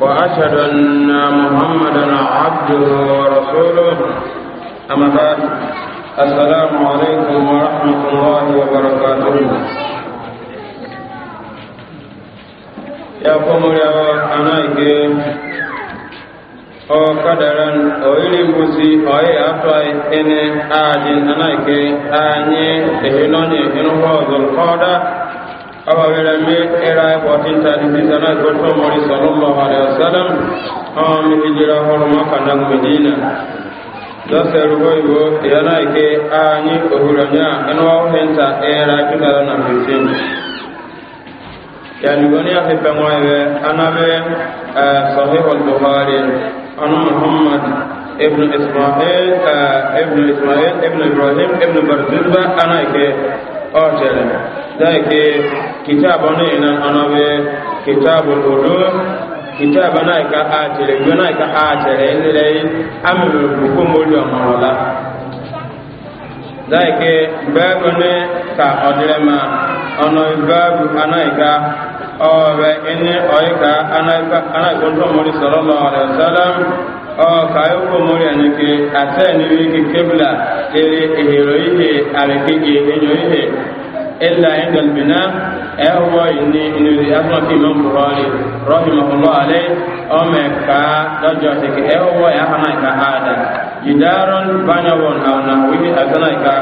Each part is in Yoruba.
وأشهد أن محمدا عبده ورسوله أما بعد السلام عليكم ورحمة الله وبركاته يا قوم يا أنايك o kadaran o ili mbusi o yi atwai ene ajin anaike anyi ehinonye inuho zulkoda awa wele mi era fourteen thirty six ana goto mori sallallahu alaihi wasallam awa mi hijira horoma kana medina dɔsɛ rubo ibo yana ike anyi ohuronya ɛnu awo henta era two thousand and fifteen yanugoni afi pɛŋɔ ibe anabe ɛɛ eh, sɔhi olbuhari anu muhammad ibn ismail ɛɛ eh, ibn ismail ibn ibrahim ibn barzilba ana ike ọ̀tẹ̀lẹ̀ dáìkì kìtàbọ̀ náà anọghị ọ̀nàbẹ̀ kìtàbọ̀ odó kìtàbọ̀ náà ìka àtẹ̀lẹ̀ ìjọ chere ìka àtẹ̀lẹ̀ ilẹ̀ amẹ̀rẹ̀ òkú mórí ọ̀mọ̀rọ̀lá dáìkì bẹ́ẹ̀kọ́ ní ka ọ̀dẹ̀lẹ̀ ma ọ̀nà ìbáàbù kayo ko mori anye ke nike ase wi ke kebla ele ehero ihe ale ke ke enyo ihe illa inda albina ewo ini inu ri asma ki imam buhari rahimahullah alai o me ka dojo te ke ewo ya hana ka ada yidaron banyawon awna wi asana ka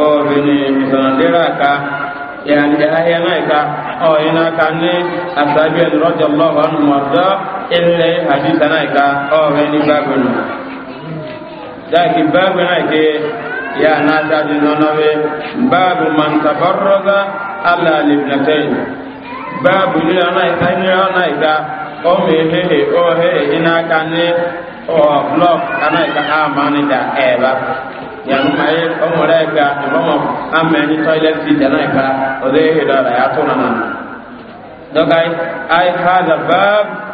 o bini sanandira ka yani e ya yana e e ka Ọ ina ka ne asabi radiyallahu anhu warda ele hadisa na ka ọrụ ni babu nọ daki babu na ke ya na ta di nonowe babu man tabarraza ala libnatayn babu ni na ka ni na ka o me he he o he ina ka ni o block ana ka amani da eba yanu maye o mo re ka mo mo ameni toilet seat na ika o de he da ya to na na dokai ai hada bab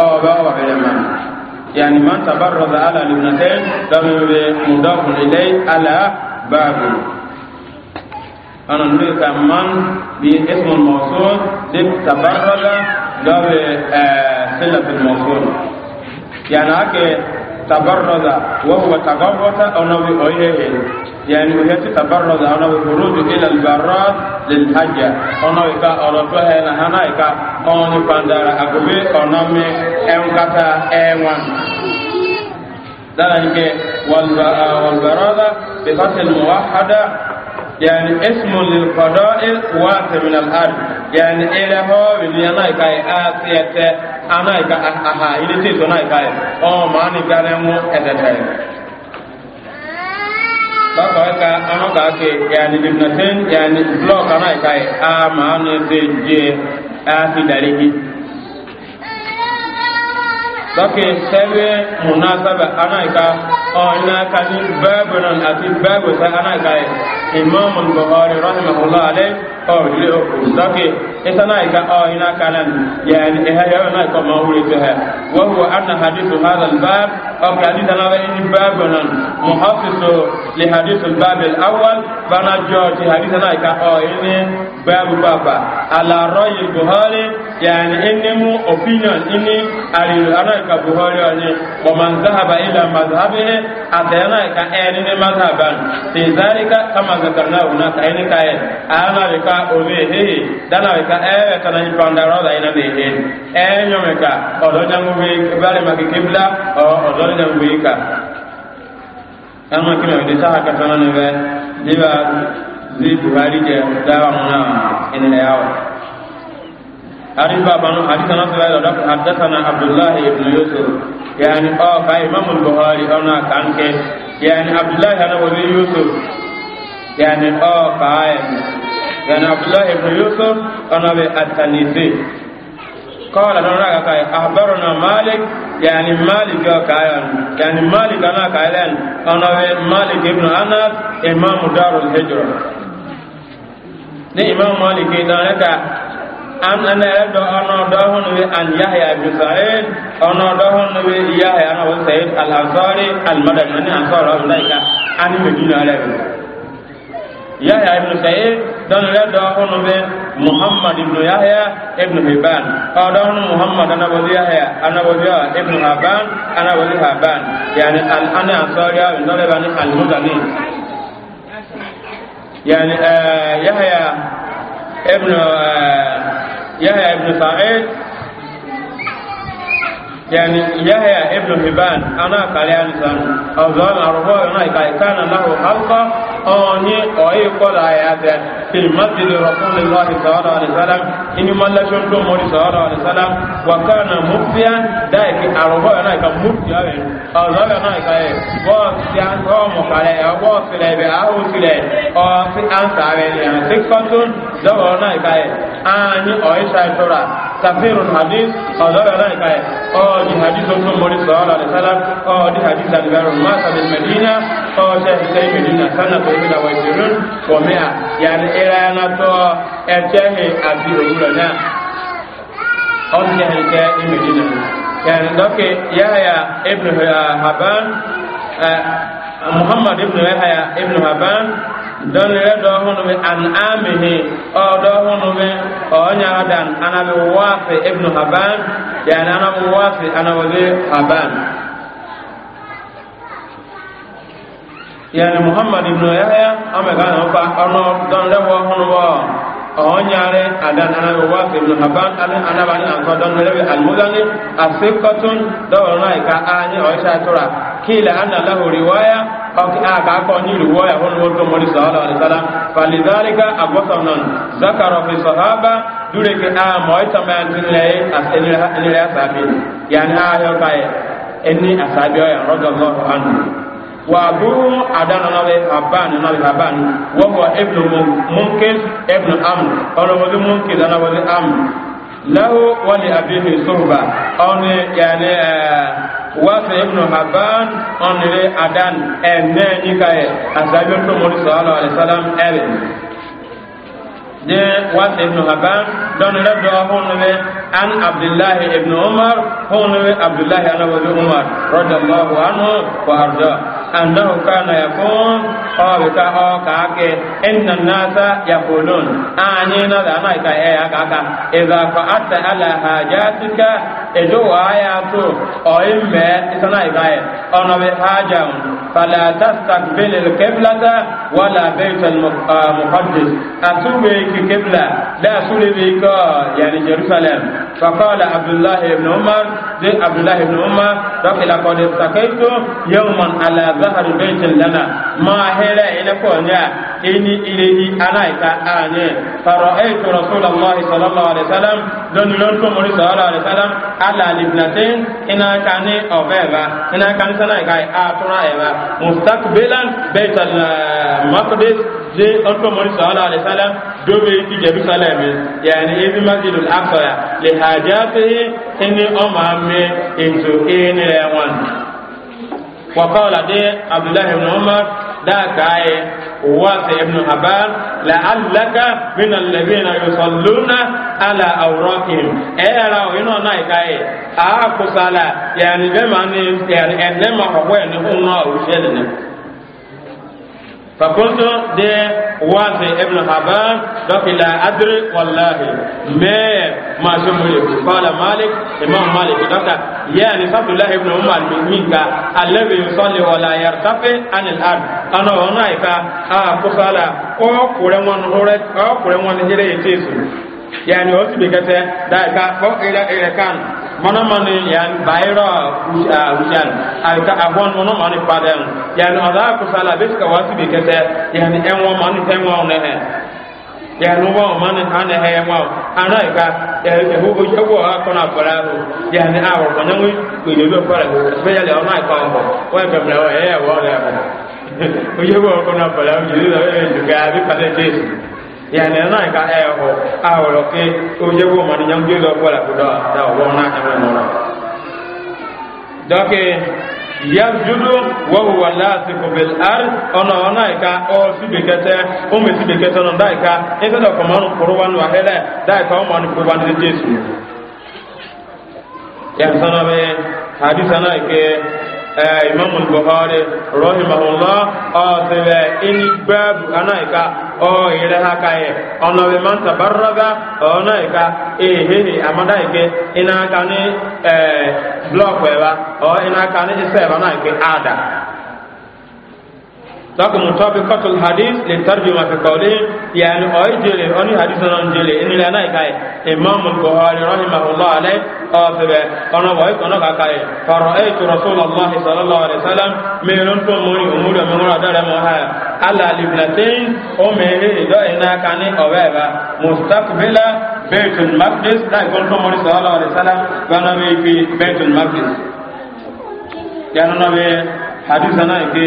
أو باو علما يعني من تبرز على لبنتين لم مضاف إليه على باب أنا نريد من باسم الموصول تبرز لو سلة آه، الموصول يعني هكي tabarraza wa huwa tagarrata aw nawi oyhehe yani wa hati tabarraza aw nawi khuruj ila al barrat lil hajja ono ka oroto he na hana ka oni pandara agobe oname enkata ewan dalanje wal barada bi fatil muwahhada yani ismu lil qada'il wasi min al ard yani ila ho ni anai kai asiyete anai ka ah, aha ile ti so kai o ma ni mu edete baba ka ano ka ke yani bibnatin yani block anai kai a ma ni se je a ti darihi lọ́kì sẹ́wẹ́ múná sábà anáìka ọ̀ iná ka ní bẹ́ẹ̀bù náà àti bẹ́ẹ̀bù sẹ́ anáìka yìí إمام البخاري رحمه الله عليه أوكي إتنايك أو هنا كان يعني إهيا نايك ما هو لتها وهو أن حديث هذا الباب أو حديث هذا الباب محافظ لحديث الباب الأول فأنا جوت حديث نايك أو هنا باب بابا على رأي البخاري يعني إني مو opinion إني أريد أنايك بخاري ومن ذهب إلى مذهبه أتينايك أين مذهبا في ذلك كما ذكرنا هناك أين كاين أنا لك ka ove hehe dana we ka ewe kana ni panda roda ina be he e nyome ka odo jangu be bale makikibla o odo jangu be ka ama kina we ta ka tana ne be diba zi buhari je dawa muna ina yawo أربع بن حديث نصر حدثنا عبد الله بن يوسف يعني أو إمام البخاري أنا كانك يعني عبد الله أنا ولي يوسف يعني أو كائن yani abdullah ibn yusuf ana be atanisi قال لنا كاي اخبرنا Malik يعني مالك كايان يعني مالك انا كايان انا Malik ابن انس امام دار الهجره ni imam malik dana ka an ana do ono do hon we an yahya ibn sa'id ono do hon we yahya ana wa sa'id al ansari al madani ansar al daika an medina alayhi yahya ibnu sa'id don le do hono be muhammad ibnu yahya ibnu hibban o do hono muhammad ana bo yahya ana bo ibnu hibban ana bo hibban yani al ana sariya don le bani al mudani eh, eh, yani yahya ibnu yahya ibnu sa'id يعني يحيى ابن حبان انا قال يعني أو زال أربعة أنا كان له حلقة ọ̀nyẹ́ ọ̀yẹ́ kọ́lá ayáfẹ́ fi masjidi rasulillahi sallallahu alaihi wasallam inú mallacin tó mọ́rí sallallahu alaihi wasallam wa kana muftiya da yake arọ́bọ̀ yana ka muftiya rẹ̀ ọ̀zọ́ yana ka yẹ bọ́ọ̀sì an tọ́ mọ̀kàlẹ̀ ya bọ́ọ̀sì rẹ̀ bẹ̀ ahùsì rẹ̀ ọ̀sì kafirun hadis ọ̀dọ́rọ̀ náà ìka ẹ̀ ọ́ di hadis tó tún mọ́rí sọ́ọ́rọ̀ àdìsálà ọ́ di hadis àdìbẹ̀rún máa sàbẹ̀ mẹ́dínà ọ́ ṣe ìṣẹ́ ìmẹ́dínà sánà tó ìṣẹ́lẹ̀ wà ìṣẹ́rún fọ̀míà yàrá ẹ̀rọ ẹ̀nà tó ẹ̀jẹ̀ àti òwúrọ̀ náà ọ́ ṣe ìṣẹ́ ìmẹ́dínà yàrá dọ́kẹ̀ yáyà ibn eh, haban eh, muhammad ibn yahya ibn haban dɔnere dɔ hɔnu bi an amihi ɔ dɔ hɔnu bi ɔ nyaga dan ana bi waafi ibnu haban yaani ana bi waafi ana bi haban yaani muhammad ibnu yahya an bɛ gaa nafa ɔnɔ dɔnere bɔ hɔnu bɔ ɔ nyaare adan ana bi waafi ibnu haban ani ana bi an kɔ dɔnere bi almudani asekɔtun dɔwɔrɔ n'a ye ka a ni ɔ isa tora kiila ana lahu riwaya. aka ko ni ruwa ya hono woto mori sallallahu alaihi wasallam falidhalika agwasanan zakara fi sahaba dure ke a moita man tin lay as ni la sabi yani a yo kai eni asabi ya radallahu anhu wa abu adana nawe abani nawe abani wako ibnu munkil ibnu amr ono wali munkil ana wali amr lahu wali abihi suhba oni yani uh, waasa ibnu haban ɔnere adan ɛnɛɛ nyikaɛ asaabi ɔtɔmɔri sɔɔlɔ alayisalam ɛbɛ ne wasa ibn haban don raddo hono be an abdullah ibn umar hono be abdullah ana wa umar radallahu anhu wa arda annahu kana yakun qawl ka ha ka ke inna nasa yaqulun ani na da na ka e ya ka ka idza fa'ata ala hajatika edo aya o imme isana ibaye ono be hajam فلا تستقبل القبلة ولا بيت المقدس أتوبيك قبلة لا سلبيك يعني جرسلم فقال عبد الله بن عمر عبد الله بن عمر رب لقد استقيت يوما على ظهر بيت لنا ما هلا إلى إني إليه أنا إتأني فرأيت رسول الله صلى الله عليه وسلم لن لنكم صلى الله عليه وسلم على لبنتين إنا كان أوفيبا إنا كان سنة كاي آتنا إيبا mustaqbilan bayt al-maqdis je onto mo sallallahu alaihi wasallam do be ki jerusalem yani ibi masjid al-aqsa li hajatihi inni umami into in wan wa داكاي واسع بن حبان لعلك من الذين يصلون على أوراقهم أرى إنه نايكاي أكو صلاة يعني بمعنى يعني أنما هو أنه هو فقلت دي واضح ابن حبان دوك لا أدري والله ما ما شمله قال مالك إمام مالك دوك يعني صد الله ابن أم المؤمنين الذي يصلي ولا يرتفع عن الأرض أنا هناك أقصى أو كرمان هورت أو كرمان هيري تيسو يعني أصبحت ذلك فوق إلى إلى كان mana mani yani bayra wujan ay ka abon mana mani padan yani ada ko sala be ka wasi be kete yani enwa mani enwa ne he yani wa mani ane he enwa ana ka e ho ho jago ha ko na para ho yani awo ko nyangu ko le be para ho be ya le ona ka ho wa be mra wa e wa le ko jago ko na para ho ni da be ju bi pa de yani na ka e ho a ho ke o je wo ma ni jam je lo ko la ko da da wo na e mo na doke yasjudu wa huwa lasiku bil ard ona ona ka o si be kete o me si be kete no da ka e be do ko ma no ko wa no a hele da ka o ma no ko wa ni jesu ya sana be ke Eh, imam buhari rahimahullah ọsẹlẹ ẹni gbẹbù anáìka ọhìnrẹ ha káyẹ ọnàwé máa ń tabarọgá ọnáìka èhéhì amadáìke iná aka ní blọọkù ẹwà ọ iná aka ní iṣẹ ẹwà náà ike àdá. donc mutabiqatul hadis li tarjuma fi qawli yani oy jele oni hadis non jele en la nay kay imam al-bukhari rahimahullah alay afabe ono boy kono ka kay faraitu rasulullah sallallahu alaihi wasallam me non to moni umur me ngora dara mo ha ala libnatin o me he do ina kani oweba mustaqbila baitul maqdis da kon to moni sallallahu alaihi wasallam bana me fi baitul maqdis yani no be hadis na ke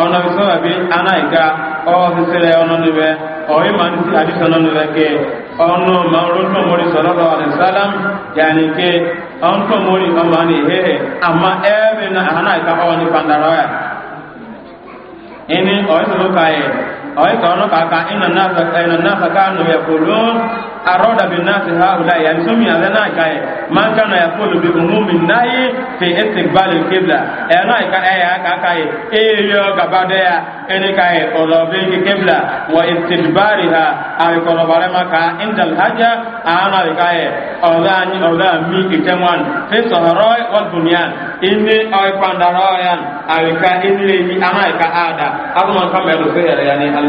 ọ̀nà ìsọ́nà bí anáìka ọ̀ọ́sísẹ́lẹ̀ ọ̀nà níbẹ̀ ọ̀yẹ́ máa ń ti àdìsọ́nà níbẹ̀ kẹ́ ọ̀nà máa ń rọ́tọ̀ mọ́rí sọ̀rọ̀ àdìsálám yàní kẹ́ ọ̀ntọ̀ mọ́rí ọmọ ní ìhẹ́hẹ́ àmọ́ ẹ̀ẹ́bẹ̀ anáìka ọ̀ ní pandara ọ̀yà ẹni ọ̀yẹ́ sọ̀rọ̀ káyẹ̀ ọ̀yẹ́ kan kaka ina iná náà ina nù yẹ kò ló arọ́dà bí náà ti ha ọ̀dà yẹ tó mi àlẹ́ náà kà yẹ máa ń kà náà yẹ kó lóbi òmù mi náà yẹ fi ẹsẹ̀ gbalẹ̀ kébìlà ẹ̀ náà yẹ ká ẹ̀ yà kàkà yẹ ẹ̀ yọ gàba dẹ́ yà ẹni kà yẹ ọ̀dọ̀ ha àwẹ̀ kono bàrẹ̀ ma kà ẹ̀ndà lhajà àánà yẹ ká yẹ ọ̀dà mi kìkẹ́ wọn fi sọ̀rọ̀ wọ́n dùnìyàn inni ay pandara yan ay ka inni ada abu man kamel fe yani al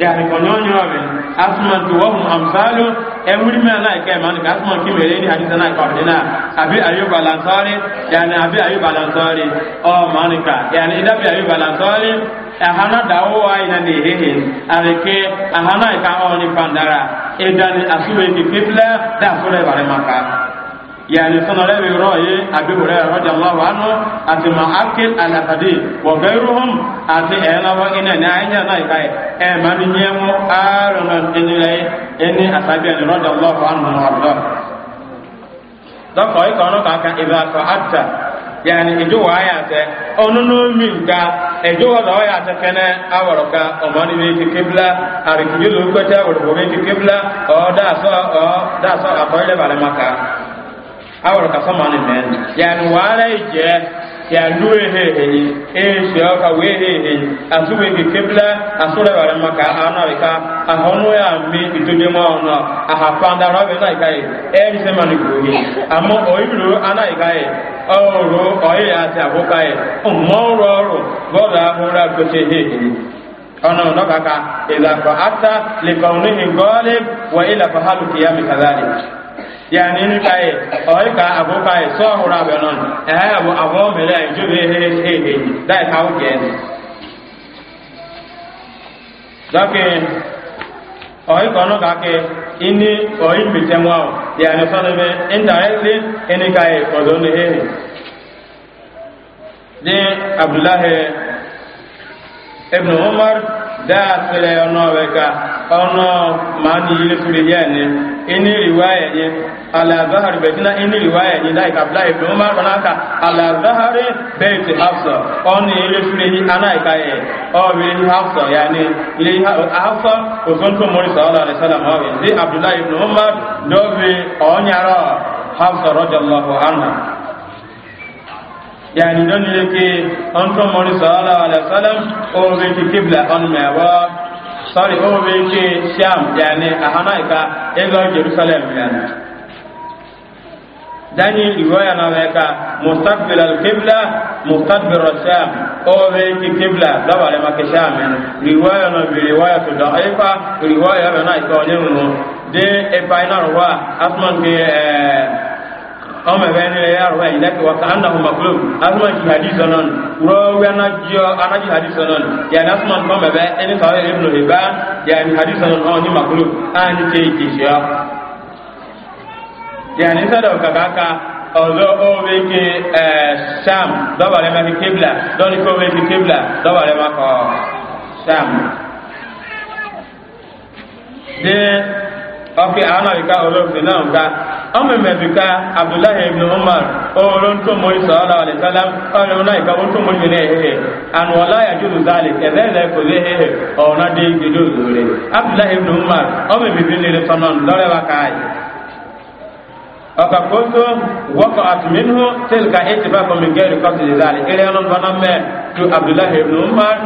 yani ko nyonyo abe asman tu wa hum amsalu emri me ana ka man asman ki ni hadisa na ka abi ayu balansari yani abi ayu balansari o oh, manika yani ida bi ayu balansari ahana dawo wa ina ni hehe areke ahana ka oni pandara edani asube ki kibla da fure bare maka يعني سنة لبي رأي أبي هريرة رضي الله عنه أتي معاكل الأسدي وغيرهم أتي أنا وإنا نعينا نايكاي أما نيمو آرنا إني لي إني أسابيا رضي الله عنه وأرضاه dɔkɔ yi kɔnɔ k'a kan ibi atɔ ata yanni idzo wa yà tɛ ɔnunu mi nka idzo wa lɔ yà tɛ fɛnɛ awɔrɔ ka ɔmɔni mi keke bila arikidzi lɔ gbɛtɛ wɔlɔwɔ mi keke bila ɔ daasɔ ɔ daasɔ atɔ yi awar ka sama ni men ya ni wala je ya luwe he he ni e se o ka we he he asuwe ke kebla asura wala maka ana we ka ahono ya mi ituje mo ona aha panda robe na ikai e ni e se mani ko ni amo oiru ana ikai e, ọrụ ọyị ya ti abụka ya mmụọ ọrụ ọrụ bọọdụ ahụrụ akụchi ihe ọnà ọ̀nà kàkà ìlàkọ̀ átà lè kọ̀ọ̀nù ìgọ́ọ̀lẹ̀ wọ ìlàkọ̀ hálùkì ya mìkàlá yani ni kai oi ka abu kai so hura be non eh abu abu mele ai ju he he he he dai ka u ge ni dake oi ko no ka ke ini oi mi te mo yani so be indirectly ini kai ko don he he de abdullah ibn umar daa sele ɔnɔ bɛ ka ɔnɔ maa ni yiri tuli yɛ ni ini riwaayɛ nye ala zahari bɛ tina ini riwaayɛ nye daa kabila yi fi ɔmar fana ka ala zahari bɛyi ti hafsa ɔni yiri tuli yi ana yi ka yɛ ɔbi hafsa yaani yiri hafsa o zɔn tó mori sɔɔla alayi salam ɔbi di abdulayi fi ɔmar dɔbi ɔnyarɔ hafsa rɔjallahu anha yani don ne ke on to mori sallallahu alaihi wasallam o be ki kibla on me wa sorry o be ki sham yani ahana ka e go jerusalem yani dani riwaya na we ka mustaqbil al qibla mustaqbil al sham o be ki kibla da wale ma ke sham yani riwaya na bi riwaya to da riwaya na ka onye no de e final wa asman ke eh ọmọ ẹ̀bẹ̀ ní ẹ̀yà rẹ̀ ìlẹ́kẹ̀ wọ́ta annahu maklum asuma jihadi sọ̀nàn rọ́wẹ́ na jíọ́ aná jihadi sọ̀nàn yàrá asuma ọmọ ẹ̀bẹ̀ ẹni sọ̀rọ̀ ibùdó ìbá yàrá jihadi sọ̀nàn ọ̀ ní maklum á ní ṣe ìkìṣẹ́ ọ́ yàrá ka kàkàkà ọ̀dọ́ òwe ke ẹ̀ sam dọ́bàrẹ́ máa fi kébìlà dọ́ni kó òwe fi kébìlà dọ́bàrẹ́ máa kọ́ sam. ọkị anọghịka olóògbé náà nka ọmọmẹbìka abdullahi ibn umar oorun tó mọ iso ọlọ alẹsálá ọrẹ náà ìka na tó mọ ìṣẹlẹ ẹhẹ ànú ọlá yàjúlù zálẹ ẹbẹ ẹlẹ kò lé ẹhẹ ọ̀nà dé gèdè òzòrè abdullahi ibn umar ọmọmẹbìbí nílẹ sọnà lọrẹ wa káyì ọkà kótó wọkọ àtúmínú tẹlika ètìbá kọmíkẹrì kọtì zálẹ abdullahi umar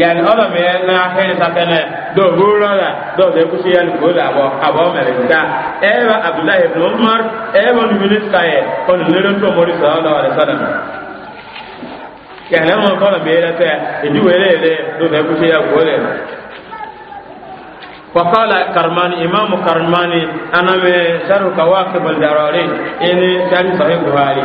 yani ọlọ mi yẹ na ahẹ satẹnẹ dɔw wúrọ la dɔw bɛ kusi yɛ nugu la bɔ a bɔ mɛrɛ nta ɛ bɛ abudulayi ibn umar ɛ bɛ numuni ka yɛ kɔni lere tó mori sɔrɔ la wale sɔrɔ yani ɛmɔ kɔlɔ mi yɛ lɛ tɛ edu wele yɛ lɛ dɔw bɛ kusi yɛ nugu وقال كرماني إمام كرماني أنا من شرك واقف الدراري إني شرك صحيح بخاري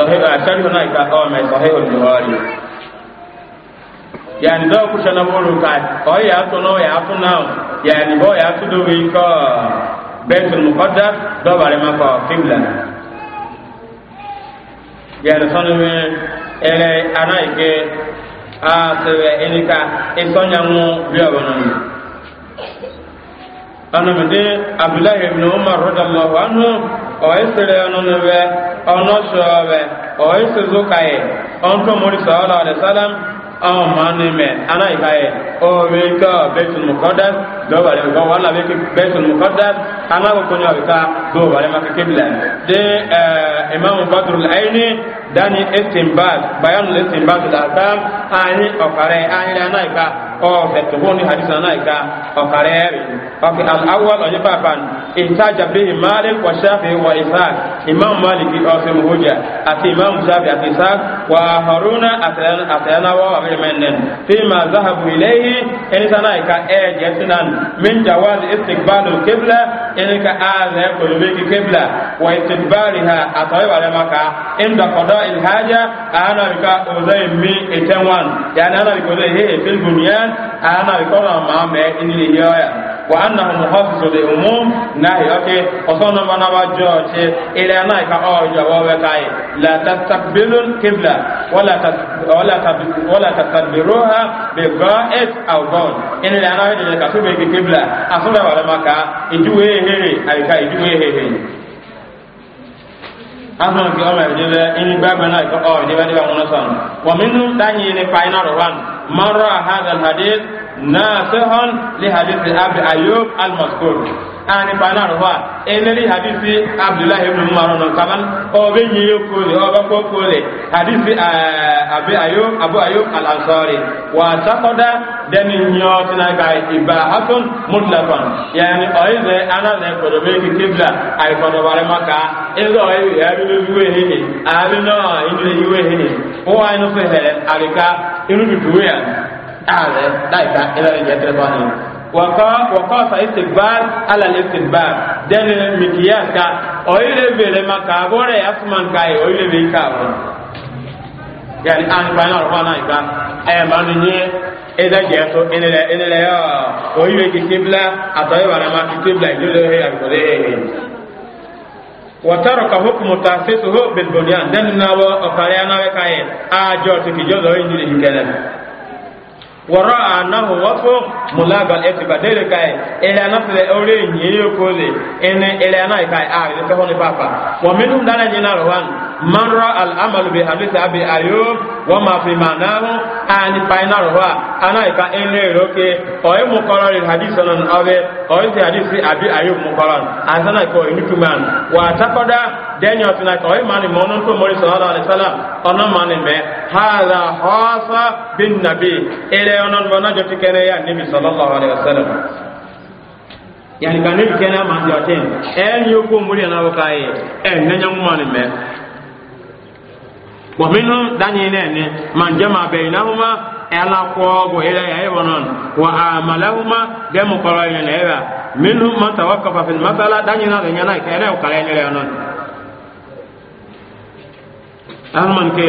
sahih asari na ka o me sahih al-bukhari yani do ku shana bolu ka o ya to no ya to now yani bo ya ke a ana mi de abdullahi ibn umar radallahu anhu ọyẹ sẹlẹ ọnọnọ bẹ ọnọ sọ bẹ ọyẹ sẹzọ kàyẹ ọntọ mọri sọlá alẹ sálám aw maani mɛ ana yi ka ye o bɛ ka bɛtul mukɔdas dɔw b'a lɛbi ka wala bɛ ka bɛtul mukɔdas ana ko kɔɲɔ bɛ ka dɔw b'a lɛbi ka kebila de ɛɛ imaamu badrul ayini dani estinbaas bayanu estinbaas laasam ani ɔkare ani ana yi ka ɔ oh, bɛtuhu ni hadisa ana yi ka ɔkare yɛri ɔkè al awal ɔnye paapaa ni. ihtaja bihi malik wa shafi wa ishaq imam maliki asim huja ati imam shafi ati ishaq wa haruna atayana wa wabil menen fi ma zahabu ilayhi in sana ka e jetinan min jawaz istiqbalul qibla in ka aza ko biki qibla wa istidbariha atay wa maka inda qada al haja ana ka uzay mi etanwan yani ana ko he fil bunyan ana ko ma me in ni yoya wa annahu muhaffizu li umum nahi oke osono mana ba joche ile anai ka o jo wa we kai la tastaqbilul qibla wala wala wala tastadbiruha bi qa'id aw gon ina la anai de ka sube ki qibla asura wala maka ijuwe hehe ai ka ijuwe hehe ama nke ọma ebidebe ini gbagbe na ike ọ ebidebe dịba nwụrụ sọn wọminu danyi ni fainal wan mara hadal hadith ناصحا لحديث أبي أيوب المذكور ani fana ruwa eneri hadisi abdullahi ibn umar non kaman o be nyiyo kole o ba ko kole hadisi abi ayub wa taqada dani nyo tana ga ibahatun mutlaqan yani ana le ko kibla ay ko do bare maka ya bi lu ààrẹ láìka ìlànà ìjẹ́ tẹ́lẹ̀ bọ́ni wọ́kọ́ fa istikbar alalikbar dẹ́nu mikiyas ka ọ̀yẹ́lẹ̀ bèrè ma ka àbúrẹ̀ asuman ka na ọ̀yẹ́lẹ̀ na ka wọn. yàrá àǹfààní ọ̀rọ̀ fún àìka ẹ̀ máa ń yẹ ẹ̀dá jẹ́ tó ẹnìlẹ̀ ẹnìlẹ̀ yọ ọ̀yẹ́lẹ̀ kìkì bla àtọ̀yẹ̀wà náà ma kìkì bla ìdílé ẹ̀ àgbọ̀lẹ̀ ẹ̀ wọ̀tọ́rọ̀ kọ̀hún mọ̀ta sí sọ́hó bẹ̀lbọ̀lì wɔrɔ anahu wɔfo mulabal etiba dele kai ele ana fele ore nyeye kole ene ele ana kai a ele fɛ hɔn papa wa minnu dana nyina rɔwan manra al amalu bi hadisi abi ayo wa ma fi manahu ani paina rɔwa ana ka ene roke ɔye mukɔrɔ le hadisi nan ɔbe ɔye ti hadisi abi ayo mukɔrɔ asana ko eni tuman wa takɔda dɛnyɛ ɔtina ka ɔye mani mɔnu to mori ni sala ɔnɔ mani mɛ hala hɔsa bin nabi ele yonon mo na joti kere ya nabi sallallahu alaihi wasallam yani kan kene ma joti en yoko muri na wo kai e. en nanya mo ni me wa minhum dani ne ne man jama bainahuma ala qogo ila e ya yonon e wa amalahuma de koro ne ne minhum man tawaqqafa fil masala dani na ne na o ne yonon alman ke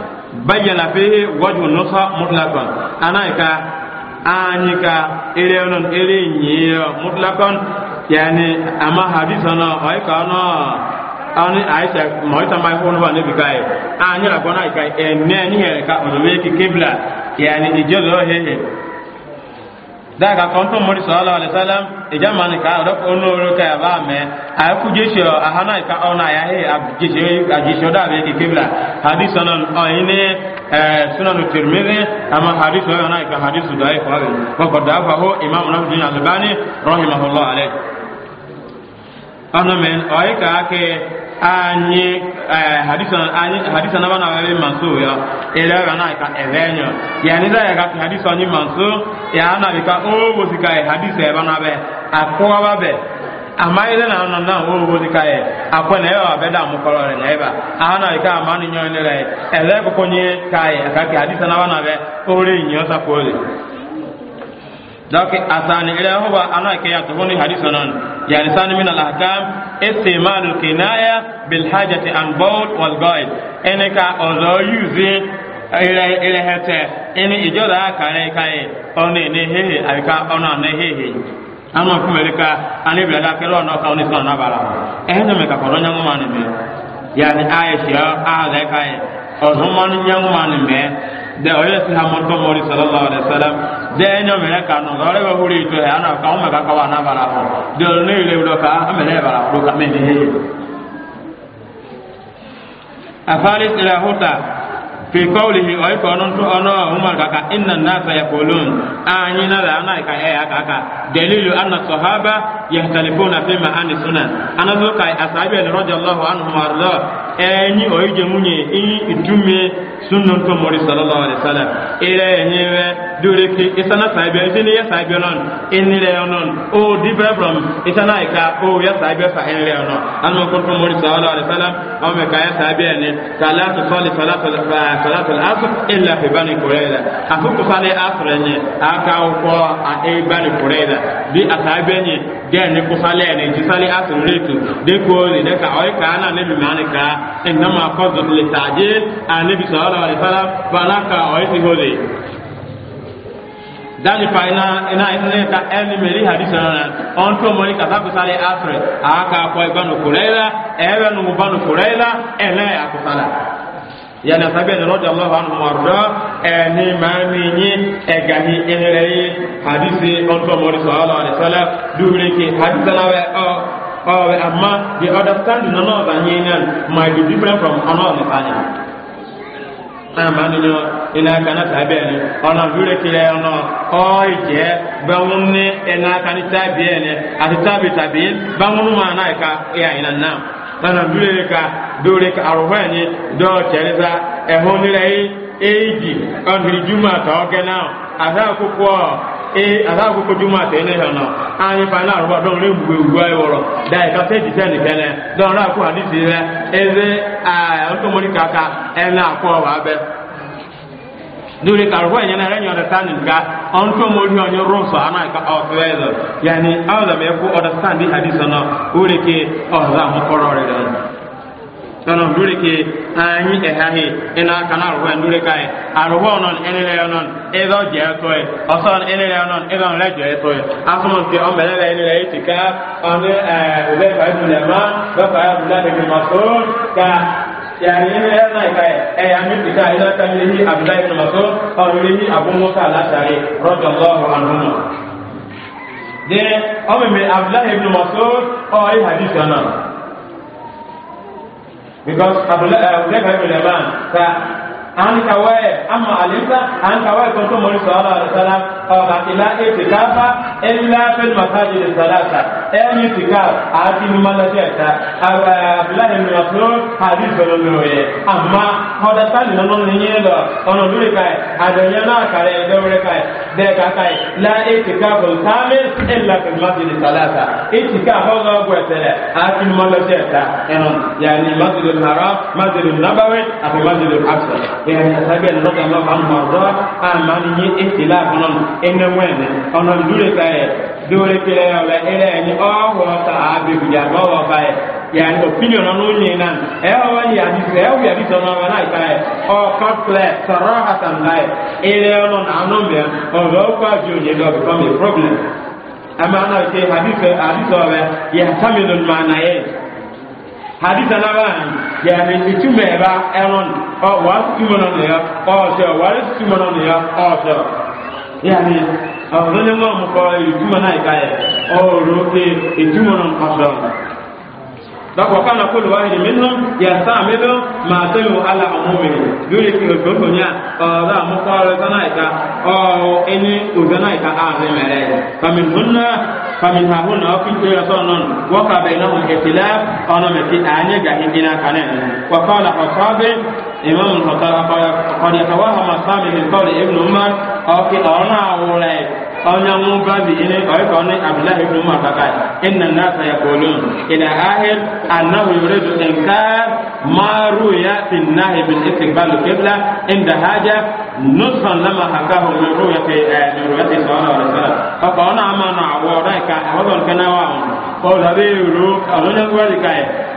bayyana fihi wajhu nusa mutlaqan anaika anika irenon irinyi mutlaqan yani ama hadisana ay kana ani aisha moita mai hono ba ne bikai anya la gona ikai enne ni ka ono ki kibla yani ijozo hehe daga kɔntɔ mori sɔɔla alayisalam ìjàmbá ni ká ɔdɔ kɔnɔ ɔrɔ ká yaba mɛ àyẹkù jésù ahana ìka ɔnà àyàhé àjésù àjésù ɔdɔ àbẹ kékébìlà hadith sɔnà ɔyìn ní ɛɛ sunanu tirimiri àmà hadith sɔnà ɔnà ìka hadith sɔdɔ ayé kɔɔbɛ kɔkɔ dàáfà hó imaamu nàbùdín alibani rɔhìmahulɔ alẹ. ɔnà mɛ ɔyìn ká kẹ́ anyị eh, hadisa na bana wele manso ya ele ga na ka elenyo ya ni da ya ka hadisa ni manso ya na bi ka o wo sika e hadisa e bana be akwa ba be ama ile na na na o wo sika ya akwa na e wa be da mu ọrịa na e ba a na bi ama ni nyo ni re ele ko konye ka e ka hadisa na bana be o re nyo sa ko donc asani ila hoba ana ke ya to honi hadith non yani sani min al ahkam istimal al kinaya bil hajati an bawl wal ghaib ene ka ozo yuzi ila ila hete ene ijoda kare kai one ne hehe alika ona ne hehe ama kumeleka ani bila da kero ona ka oni sana bala ene me ka koronya ngoma ne me yani aisha a le kai ozo man nyangoma ne me de oye si ha mon mori sallallahu alaihi wasallam de enyo mere ka no ore ba huri to ya na ka o me ka ka wa na bara ho de ne ile do ka ha bara do ka me ni he afaris ila huta fi kawulihi oyi ko ɔnɔ ntɔ ɔnɔ umar kaka ina nasa ya kolon na la ana ka ɛya e, kaka dalilu ana sahaba yahtalifuna fi ma ani suna ana zo kai asabi ali radiyallahu anhu marza ɛnyi e, oyi jɛmu nye iyi idumi sunan to mori sallallahu alaihi wasallam ire ɛnyi dureke isana saibia isini ya saibia non inile non o dibra from isana ika o ya saibia fa inile non an ma kuntum muri sallallahu alaihi wasallam aw me kaya saibia ni kala tu sali salatu eh, salatu al-asr illa fi bani qurayza afuku sali asr ni aka ko a e bani qurayza bi asaibia ni gani ku sali ni ji sali asr retu de ko ni de ni mi ka inna ma li ta'jil an nabi sallallahu alaihi balaka o ti daji pa ina ina ina ka ɛni mɛri hadisa nana ɔn tó mɔni ka taa kusale afre aa k'a kɔ ibanu kureyla ɛɛbɛ numu banu kureyla ɛnɛ a kusala yana sabi ɛni rɔdi allahu anu mɔrdɔ ɛni maami nye ɛgani ɛnɛrɛ ye hadisi ɔn tó mɔni sɔɔlɔ alisala duure ke hadisa na bɛ ɔ ɔ ama the understanding nana ɔzan nye nan ma different from ɔnɔ ɔzan nye. amaniyo ina kana tabene ona vile kile ono oije bangunne ina kana tabene ati tabi tabin bangunu mana ka ya ina na ana vile ka dole ka arwani do cheleza ehonire eji on juma ka ogena ada kokwa ee aga akwụkwọ jumata enye ha nọ anyị fa na arụba dọrọ egbugbe ugwu anyị wọrọ dai ka peji ten kene dọrọ akwụ ha dịtị ihe eze ntụmori ka aka ene akwụ ọwa abe dure ka ruwa nyana ran yada tanin ka on to mo ri onyo ro so ana ka o fezo yani awla me na ke sono duri ke anyi eh, e hahi ina kana ruwa duri kai aruwa non enele non edo je toy oson enele non edo le je toy asumo ke on bele le enele itika on eh ube fa ulama ba fa abdullah bin mas'ud ka yani ne ya na kai e ya mi tika ila tamlihi abdullah bin mas'ud aw lihi abu musa al-ashari radiyallahu anhu de o oh, me abdullah bin mas'ud o hadith ana because uh, abdullahi ibn laban ka an kawaye amma alimta an kawaye kuntum mursalala sallallahu alaihi wasallam aw ila itikafa illa fil masajid salasa ẹni tìka àti mmanasi ẹka abdullahi nuyọtò àti ìfẹlẹlẹwẹ Ama ọdata nínú nìyẹn lọ ọ̀nà lórí ka ẹ àdéhùn yẹn náà kàrẹ ẹdẹwẹrẹ ka ẹ dẹka ka ẹ la ètìka bọlùtàmì ẹlà fìmásìlì sàlàtà ètìka àbọ̀dọ̀ ọgbọ̀ ẹsẹ̀lẹ̀ àti mmanasi ẹka ẹnu yàrá masìlì nàrà masìlì nàbàwẹ àti masìlì àbsà yàrá sábẹ nàdà lọ àmọ̀ ọ̀dọ́ àmà nìyẹn ètìlá àfọ̀nà ẹnẹwẹ̀ ọ̀nà lórí ka ẹ dore kele ya ba ele ni o wo ta abi ku ya ba wa ba e ya ni opinion no ni na e o wa ya ni se o ya ni so na wa na ka e o ka kle sarahatan la e ele no na no me o ro pa ju ni do become a problem ama na ke hadith hadith o be ya tamilu mana e hadith na ba ya ni itu me ba e no o wa tu mo no ya o se o wa tu mo no ya o se yani ọ̀dọ́lẹ́ mọ́ mú kọ ìtumọ̀ náà ìkáyẹ̀ ọ̀rọ̀ òkè ìtumọ̀ náà pàṣọ dɔkɔ kana kolo wa yi minnu yasa melo maa tɛ mu ala amu mi yuri ki o gbogbo nya ɔɔda amu kɔɔrɔ gana yi ka ɔɔ ɛni o gana yi ka aami mɛrɛ kami nuna famin ha hun na fi tsira son non wa ka bai na mun ikhtilaf ana me ki ane ga hindina kanen wa qala hasabe imam al-hasan qad yatawahama sami min qawli ibn umar aw ki ana wala ọnyà mú bábi ẹni ọ̀yẹ́kọ̀ ní abdullahi ibn umar kaka ẹnna nasa ya kolon ila ahir annahu yuridu inkar maru ya fi nahi bin istiqbalu qibla inda haja nusfan lama hakahu min ru'yati eh, min ru'yati sallallahu alaihi wasallam fa qawna amana awara ka amadon kana wa on ko la be ro anonya ko ri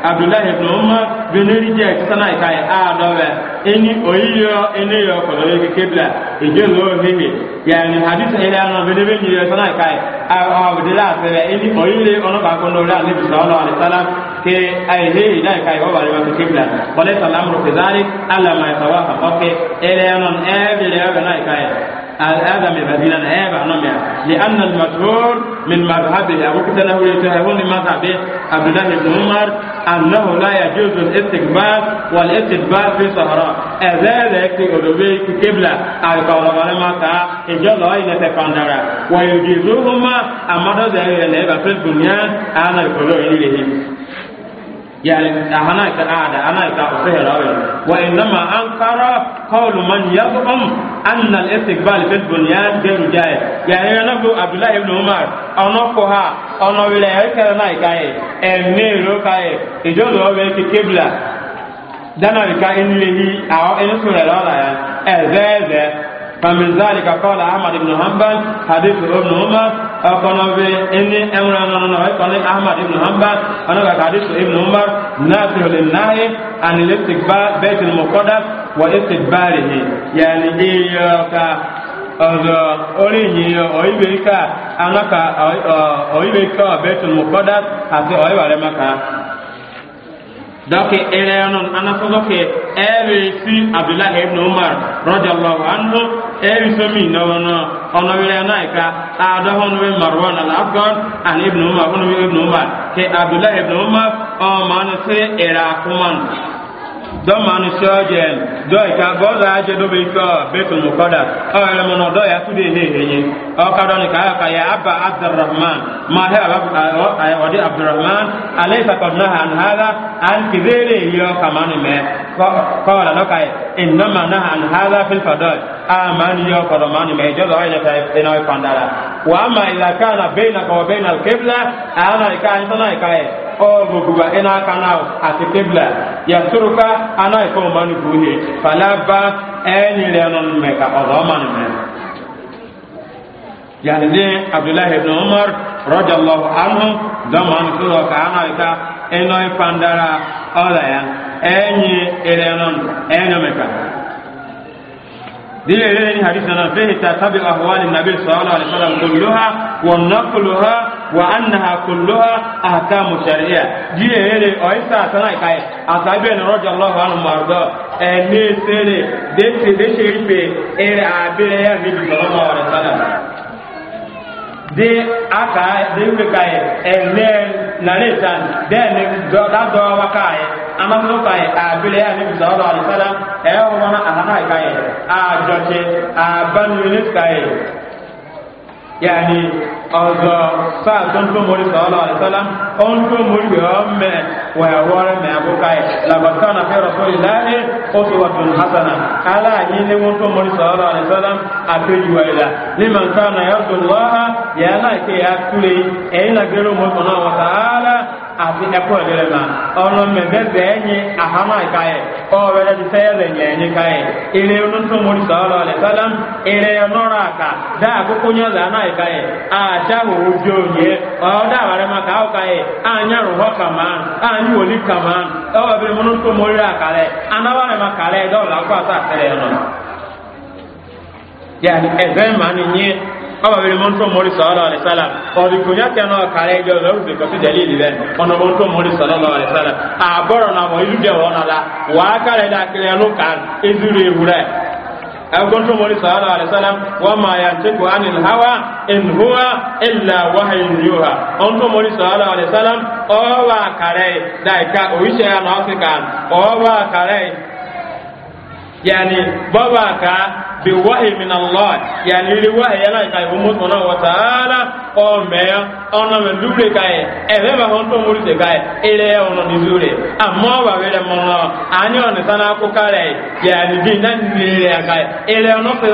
abdullahi ibn umar bin rija kisana kai a do be eni oyiyo eni yo ko le ke kibla e je yani hadith ila no be be ni yo sana kai a abdullahi be eni oyile ono ba ko no la ni sallallahu alaihi wasallam ke ai he ina kai ba ba ke kibla wala salamu fi zalik ele non e bi le هذا مبادلا هيبا نميا لأن المشهور من مذهبه أبو كتنه يتهون مذهبه عبد الله بن عمر أنه لا يجوز الاستقبال والاستدبار في صحراء أذلك أدوبي كبلة على قول ما تا إجل أين تفندرا ويجيزوهما أمر ذلك نيبا في الدنيا أنا الكلو إليه يعني أهنا كعادة أنا كأفهر وإنما أنكر قول من يزعم أن الاستقبال في الدنيا غير جائز يعني أنا أبو عبد الله بن عمر أنا كوها أنا ولا يكرنا كاي أمير كاي إجوا لو بيك كبلة دنا بيك إن لي أو إن سورة لا يعني أزاز فمن ذلك قال أحمد بن حنبل حديث ابن عمر أقنا بإني أمرنا نحن أحمد بن حنبل أنا حديث ابن عمر نافع للنهي عن الاستقبال بيت المقدس واستقباله يعني إيه ọ̀dọ̀ orí yìí ọ̀yíbẹ̀ríkà anáka ọ̀yíbẹ̀ríkà bẹ́tùn mọ̀kọ́dá dɔke ɛrɛyɛ nɔn ana sɔsɔ kɛ ɛɛbɛ si abdulahi ibn umar rɔjallahu anhu ɛɛbi sɔmi nɔbɔ nɔ ɔnɔ wɛrɛ n'a yi ka a dɔ hɔn bɛ marwan ala afghan ani ibn umar hɔn bɛ ibn umar kɛ abdulahi ibn umar ɔn maa ni se ɛrɛ dɔ manu sɔɔjɛ dɔ ika gɔza ajɛ dɔ bɛ ikɔ betu mukɔda ɔyɛlɛ mɔnɔ dɔ ya tude ne enye ɔka dɔ ni kaya kaya aba abdulrahman mahe ɔdi abdulrahman ale sakɔduna han hala alikizere yɔ kamani mɛ kɔɔla dɔ ka ye enama na han hala filifadɔ amani yɔ kɔdɔmani mɛ jɔzɔ ɔyɛlɛ ta ina pandara wa ama ilaka na bɛyina kɔ bɛyina kebla ana ika nsana ika ye. ogoguba ina kanao ati kibla yasuruka ana iko manu buhi falaba eni lenon meka ozoman me yani de abdullah ibn umar radiyallahu anhu daman sura kana ita eno ipandara ola ya eni elenon eno meka دي لين حديثنا فيه تتبع أهوال النبي صلى الله عليه وسلم كلها ونقلها wa annaha kulluha ahkamu shari'a jire hele ji sana kai asabe na roja allah anhu marda e ne sele de e abire ya ni sallallahu alaihi wasallam de aka de we kai e ne na le tan ya ni sallallahu alaihi wasallam e a yàni ọ̀zọ̀ sáà tó ń tó mórí sọ́ọ́lọ́ àdìsọ́lá ó ń tó mórí wẹ̀ ọ́ mẹ́ wẹ̀ wọ́rẹ́ mẹ́ àbúkà ẹ̀ làbàtà náà fẹ́ rọ̀tọ́ ìlànà ó ti wà tún hasana aláàyè ní wọ́n tó mórí sọ́ọ́lọ́ àdìsọ́lá àpéjúwà ìlà ní màtà náà yọ̀ tó lọ́ha yàrá ìkéyà kúlẹ̀ ẹ̀yìn làgbéró mọ́tò náà wọ́n tààlà abi ɛkɔ ɛlɛlɛ ma ɔnɔ mɛ bɛ bɛɛ nye ahama ka yɛ ɔwɛ lɛ ti sɛyɛ lɛ nyɛ nye ka yɛ ele yɛ mo lɛ sɛlɛm ele yɛ nɔrɔ aka da akoko nyɛ lɛ ana ka yɛ ata wo dzo nyɛ ɔda awari ma ka ka yɛ anya kama anyi woli kama ɔwɛ bi mo lɛ aka lɛ ma ka lɛ dɔw la kɔ sɛlɛ yɛ nɔ yanni ọba bẹ̀rẹ̀ mọ́ntọ́ mọ́rí sọ́lọ́ ọ̀lẹ́sálà ọ̀dùnkùnyá kẹ́nà ọ̀kàrẹ́ ìjọ lọ́rùn tó kọ́sí dẹ̀lí ìlú rẹ̀ ọ̀nà mọ́ntọ́ mọ́rí sọ́lọ́ ọ̀lẹ́sálà àbọ̀rọ̀ nà mọ́ ìlú dẹ̀ wọ́n nala wàá kárẹ̀ dà kiri ẹnu kan ezuru ewúrẹ́ ẹgbọ́n tó mọ́rí sọ́lọ́ ọ̀lẹ́sálà wọ́n máa yà ntẹ́kù ánìl hawa ìnhúwa ìlà wáhà ìnúyòhà ọ̀n tó mọ́rí sọ́lọ́ ọ̀lẹ́sálà ọ̀wà kárẹ̀ dàìka òyìṣẹ́ àná ọ̀sìn kan ọ̀wà kárẹ̀ yani baba ka bi wahi min allah yani li wahi yana ka ko mo tona wa taala o me ona me dubre ka e e be ba hon to mo rite ka e ile ona ni dure amma wa be mo no ani ona sana ko kare yani bi nan ni ile ka ile ona pe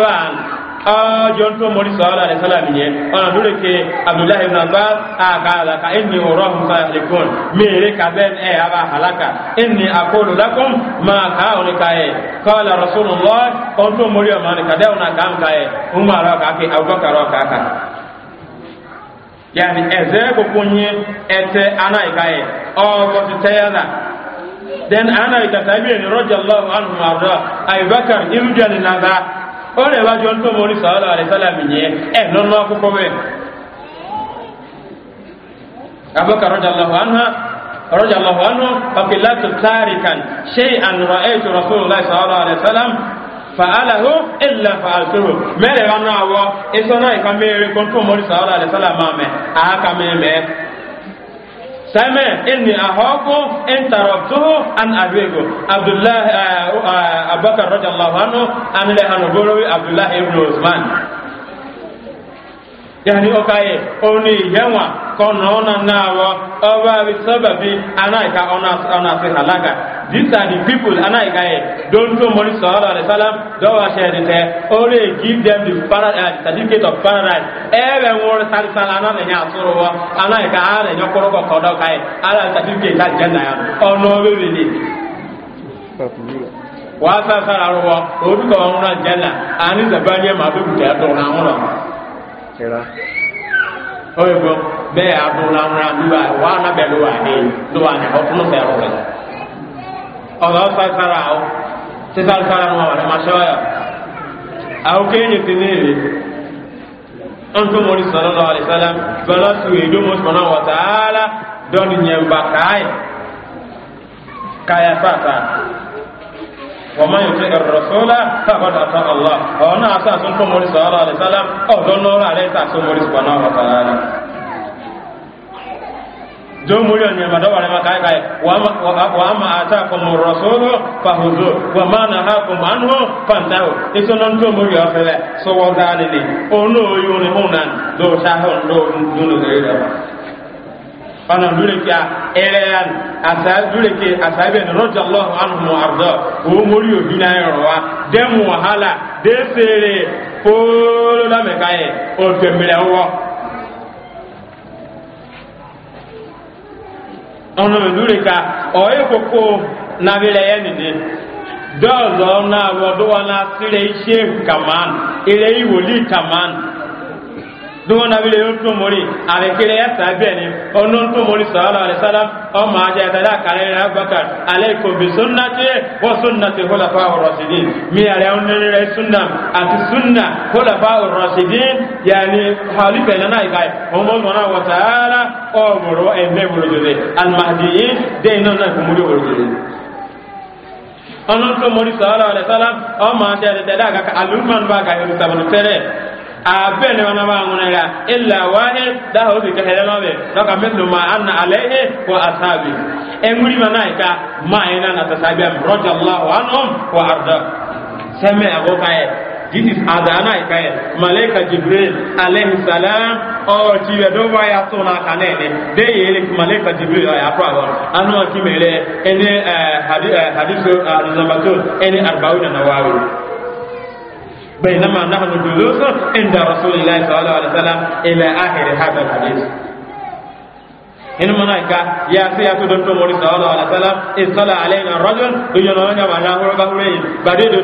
jon to mori sallallahu alaihi wasallam ye ona dure ke abdullah ibn abbas akala ka inni urahum salikun mere ka ben e aba halaka inni aqulu lakum ma kauni ka e eh. qala rasulullah on to mori ma ka da ona kam ka e umar ka ke abubakar ka ka yani eze ko kunye ete anai ka e o ko teyana then anai ka tabi ni radiyallahu anhu marda abubakar ibn jalil nada ala ọ̀rẹ́ ìwájú ọdún tó mọ́rí sàálà àrẹ́sálàmì yẹn ẹ̀ lọ́nà akúkọ bẹ́ẹ̀ abọ́kà rọ́jàlọ́wọ́ anú ọkìlátù tàríkan ṣe ala ẹ̀tù rọ̀sọ́lọ́láì sàálà àrẹ́sálàm fàálàhó ìlà fàálàhó mẹ́rẹ̀ ránú àwọ ìsọ́nà ìkàmẹ́rẹ́ kọ́ntọ́ mọ́rí sàálà àrẹ́sálàm سمع إني أهوكو إن تركته أن أبيكو عبد الله أبو بكر رضي الله عنه أن له أن عبد الله ابن عثمان yani o kaye oni yawa ko nona nawo oba bi sababi anai ka ona ona se halaka these are the people anai kaye eh, don't to mori sallallahu alaihi wasallam do wa shahidi te ore give them the paradise uh, certificate of paradise even one sal sal ana ne ya wa anai ka ana koro ko kodo kaye ala certificate ta janna ya ono be be ni wa sa ro wa ko ona janna ani zabanye ma to na oye gbɔ bɛɛ adulanwura duwa waana bɛ duwa de duwa ni o tunu bɛɛ rɔba ɔlɔ sasara o sisan sara nu wa ma sɔ ya awo kelen yɛ ti ne ye an tó mɔri sɔlɔ lɔ alisala bala suye domo sɔnna wa taala dɔɔni nyɛ kaya ومن يطع الرسول فقد اطاع الله وانا اساس صلى الله عليه وسلم او دون عليه اساس سبحانه وتعالى don muri on yamma dawara ma kai kai wa amma atakum ar-rasul fahuzu wa ma nahakum anhu fantahu ito non to muri o fele so wa dani ni ono yuni hunan do do dunu gaira ana lure ki ere yan asa lure ki asa be radiyallahu anhu arda o mori o bina yorwa e dem wahala de sere polo la me kae o te mira wo ono lure ka o e koko na bele yan ni dọ́ọ̀lọ́ náà wọ́dọ́wọ́ náà sílẹ̀ iṣẹ́ kàmán ilẹ̀ duma na bile yon tumori ale kele ya sabe ni onon tumori sallallahu alaihi wasallam o ma ja dala kale na bakar alaikum bi sunnati wa sunnati khulafa ar-rasidin mi ale on ni re sunna ati sunna khulafa ar-rasidin yani halifa lana ikai o mo mona wa taala o moro e me bulu de al-mahdiyin de non na kumuri bulu de onon tumori sallallahu alaihi wasallam o ma ja dala ka alumman ba ka yusabun tere abene wana bangunira illa wahid da ho bi kahere no be do ka mendo ma anna alaihi wa ashabi enguri manaika ma ina na tasabi am radiyallahu anhum wa arda sami ago kae this is adana ikaye malaika jibril alaihi salam o ti we do wa ya to na kanene de yele malaika jibril ya pro abo anu ki mele ene hadith eh, hadith eh, ah, number 2 ene 40 na بينما نحن جلوس عند رسول الله صلى الله عليه وسلم إلى آخر هذا الحديث inu mana ika ya se ya to don to mori sallallahu alaihi wasallam isala alaina rajul to yo nonya ba na horo ba hore badidu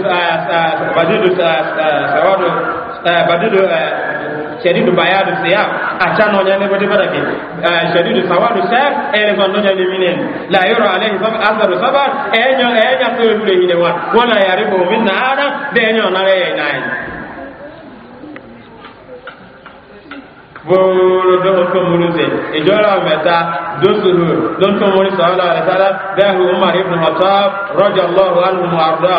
badidu sawadu badidu shadidu bayadu siyam achano nyane bote bada ke shadidu sawadu siyam ene gondo nyane minen la yoro alayhi sab azaru sabar enyo enya to yule hine wa wala yaribu minna ana de enyo na re nai gbogbo dɔn tó múlù sí ìjọra mẹta dóṣùlù ló ń tó múlù sọ̀rọ̀ lọ́wọ́ ẹ̀sára bẹ́ẹ̀ hu umar ibn hatab rọ́jà lọ́wọ́ alùmọ̀ àbúrò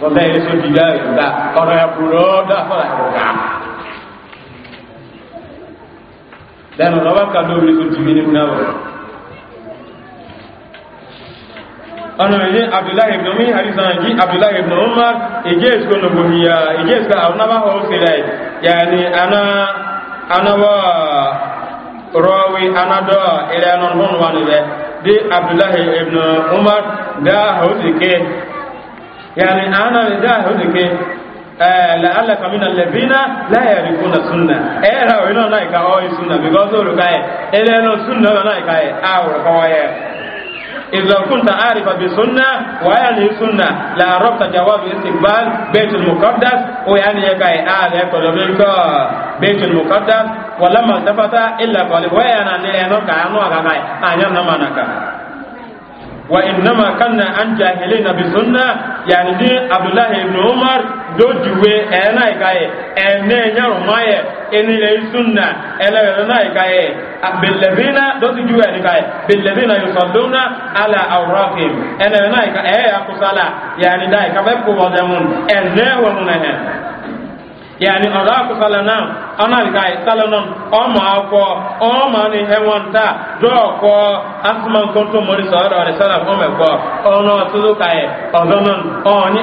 sọtẹ yìí sọ dìgbà ìgbà ọ̀nà ẹ̀kúrò dáfọ̀ ẹ̀kúrò. lẹ́nu lọ́wọ́ ká lórí tó dìgbì nínú náà wọ̀. ọ̀nà ìyẹn abdullahi ibn omi harisan yìí abdullahi ibn umar ìjẹ́ ìsìkò nùgbò níyà ìjẹ́ ìsìkò àwọn abáhọ̀ ọ̀sẹ̀ rẹ̀ yàní aná anáwọ̀ rọ̀wé anádọ́ ilẹ̀ ẹ̀nà non wọn rẹ̀ bí abdullahi ibn umar dá ọ̀sẹ̀ kẹ́ yani ana mi da ho de ke la ala kamina levina la ya ri kuna sunna e ra o ina na ka o sunna because o ka e ele no sunna na ka e a o ka wa ye إذا كنت عارفا بسنة وأهل السنة لا ربط جواب استقبال بيت المقدس ويعني يكاي آل يكتب بيت المقدس ولما التفت إلا قال وأنا نرى أنك أنواع كاي أنا نمانك wa innama kanna an jahilina bi sunna yani ni abdullahi ibn umar dojuwe ena ikaye ene nyaro maye eni le sunna ele ena ikaye abilladhina dojuwe ikaye billadhina yusalluna ala awraqim ene ena ikaye ya kusala yani dai kabe ko wazamun ene wa munahe yani ọ̀rọ̀ akọ̀kọ̀lọ̀ náà ọ̀nàlìkà ìsálọ́nà ọmọ akọ ọmọ ní ẹwọn ta dọ́ọ̀kọ́ asọ́mọ̀kọ́tò mọ́rí sọ̀rọ̀ rẹ̀ sọ́rọ̀ fún ẹ̀kọ́ ọ̀nà ọ̀tọ́dọ́ kàyẹ ọ̀dọ́nà ọ̀ní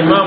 imam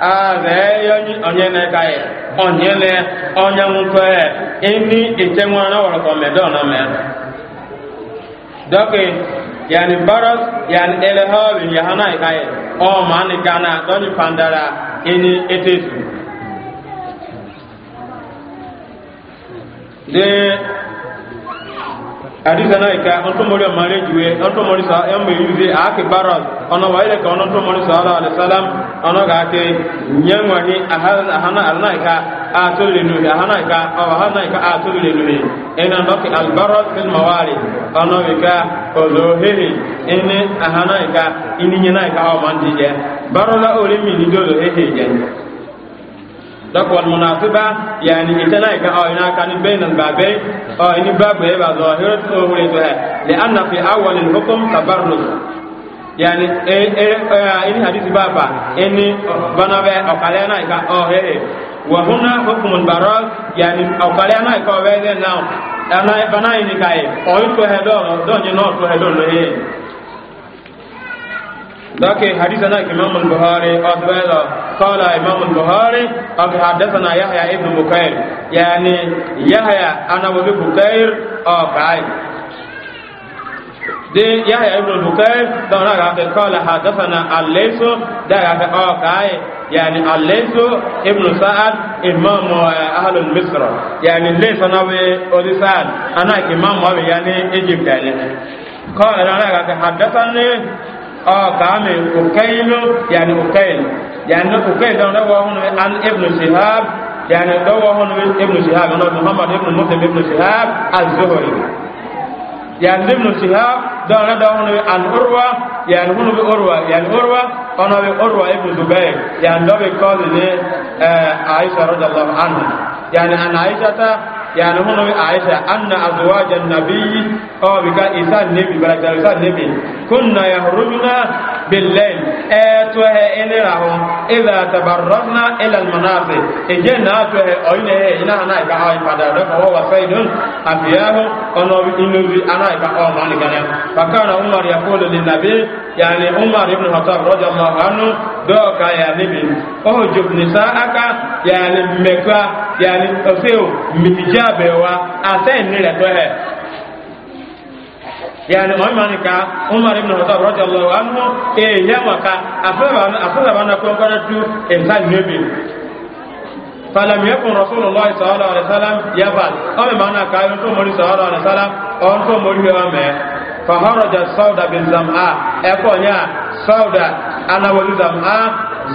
aghee onye na-ekaghị onye na onye nwụkọ ịnị echenwere na me dọkị ya n'i baros ya n'i yani elehobi yahana ya, e ọ ma n'i gana dọnyi pandara ịnị etesu de hadisa na ika ontomori omare juwe ontomori sa yambe yuze aki baraz ono waile ka ono ontomori ala alaihi wasallam ka ga ake nyangwa ni ahana alna ika atulli nuhi ahana ika ahana ika nuhi ahana ika barola olimi hehe donc wal munafiba yani itana ka aw ina kan bayna al babayn aw ini babu ya ba zahirat ko wuri to ha li anna fi awwal al hukm tabarruz yani e, e, e, ini hadisi ba ini banabe okalena ka oh he wa huna hukm al baraz yani okalena ka wele now ana bana ini kai o to he do do je no to he do he لكن حديثنا إمام البخاري أقبل قال إمام البخاري حدثنا يحيى ابن بكير يعني يحيى أنا وبي بكير أقعد دي يحيى ابن بكير دون قال حدثنا الليث ده أقعد يعني الليث ابن سعد امام اهل مصر يعني الليث انا ولي سعد انا امام يعني ايجيبت يعني قال انا حدثني kaame ukailu yani ukailu yani ukailu dɔn dɔwɔ hɔn bɛ an ibnu shihab yani dɔwɔ hɔn bɛ ibnu shihab ɔnɔ muhammad ibnu muslim ibnu shihab az-zuhri yani ibnu shihab dɔn dɔ dɔn hɔn bɛ an urwa yani hɔn bɛ urwa yani urwa ɔnɔ bɛ urwa ibnu zubair yani dɔ bɛ kɔɔli ni ɛɛ eh, aisha radiyallahu anha yani an aisha ta yani hono wi aisha anna azwaja nabiyyi aw bika isa nabi baraka isa nabi kunna yahrujuna bil layl atu he inirahu idha tabarrajna ila al manasi ejena atu he oyne he ina na ka ay pada do ko wa saidun afiyahu ono wi inu wi ana ka o mani kana na umar yaqulu lin nabi yani umar ibn khattab radiyallahu anhu do ka ya nabi o jubni sa'aka yani meka yani oseo mihijabewa asen ni reto he yani o mani ka umar ibn khattab radiyallahu anhu e yama ka afaba afaba na ko ngara tu insan nebi falam yakun rasulullah sallallahu alaihi wasallam yabal o me mana ka yon to mori sallallahu alaihi wasallam on to mori he me fa haraja sauda bin zam'a e ko nya sauda ana wali zam'a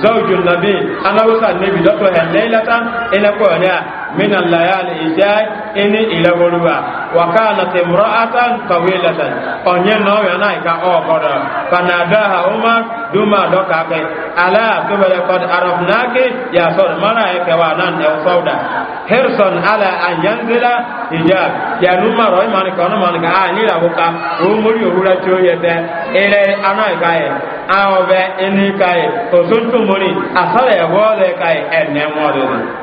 zawjun nabi anawusa nabi dɔtɔ hɛ lɛyilata ɛnɛ kɔɔrɛ من الليالي إيجاي إني إلى غلوة وكانت امرأة طويلة أني نوي نايكا أو قرى فناداها عمر دوما دوكاك ألا تبالي قد عرفناك يا صور مرايك وانان أو صودا حرصا على أن ينزل إيجاب يا نوما روي مانك أنا مانك آني لابوكا ومولي ولا تشويته إلى أنا كاي أو بإني كاي وسنتموني أصلا يقول كاي أنمو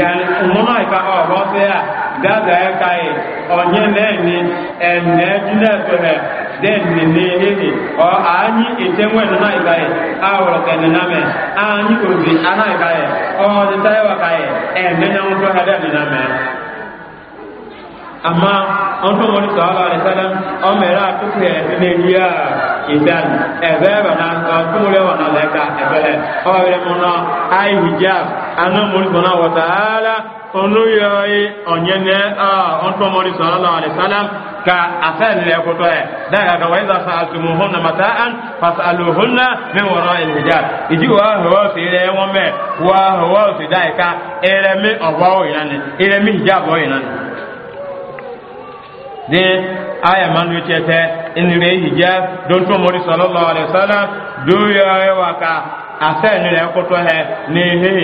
yani umono ka o ya gaga e kai onye ne ni enne jile to he den ni ni o no na ibai a ro ke na me anyi ozi ana ibai o de ya kai enne ne mo to ha ni na me amma an tun wani sallallahu alaihi wasallam an mai ra tuku ya fi ne biya idan ebe ba na ka tumure wa na leka ebele o wa bere mona ai hijab anu muri sona wa ta'ala onu yoyi onyene a an tun wani sallallahu alaihi wasallam ka afɛn lɛ kutɔ yɛ da ka ka wa iza sa'altumu hunna mata'an fas'aluhunna min wara'i hijab iji wa hawa fi ire wɔn mɛ wa hawa fi da ka ire mi ɔbɔ wo yina ni ire mi hijab wo yina ni de aya man wi tete in re hija don to mori sallallahu alaihi wasallam do ya wa ka asa ni re ko to he ni he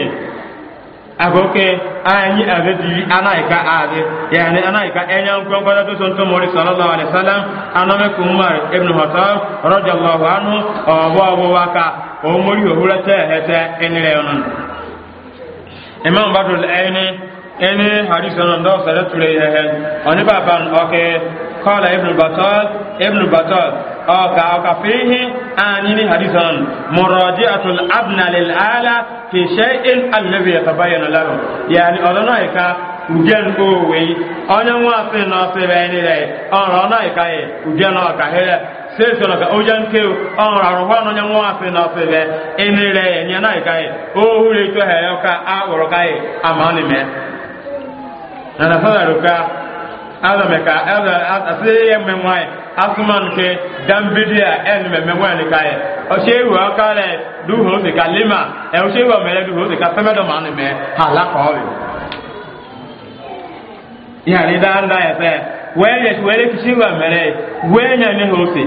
agoke anyi azi anaika ade yani anaika enya nkwangwa to son to mori sallallahu alaihi wasallam aname kumar ibn hatab radiyallahu anhu wa wa wa ka o mori ohura in re imam badul aini ene hadisi nan do sare ture he oni baban oke qala ibn batal ibn batal o ga ka fihi anini hadisi nan muraji'atul abna ala fi shay'in alladhi yatabayyana lahu yani ka ujen ko we be ni re na ka e ujen o ka he se so na ka ujen ke ọ̀rọ̀ be na ka nana fana ruka ala me ka ala asiye me mwai asuman ke dambidia en me me mwai ka ye o se wa ka du ho se ka lima e o se wa me du ho ka feme do ma ni me hala ko wi ya ni da nda ye se we ye we le kisi wa mere we nya ne ho se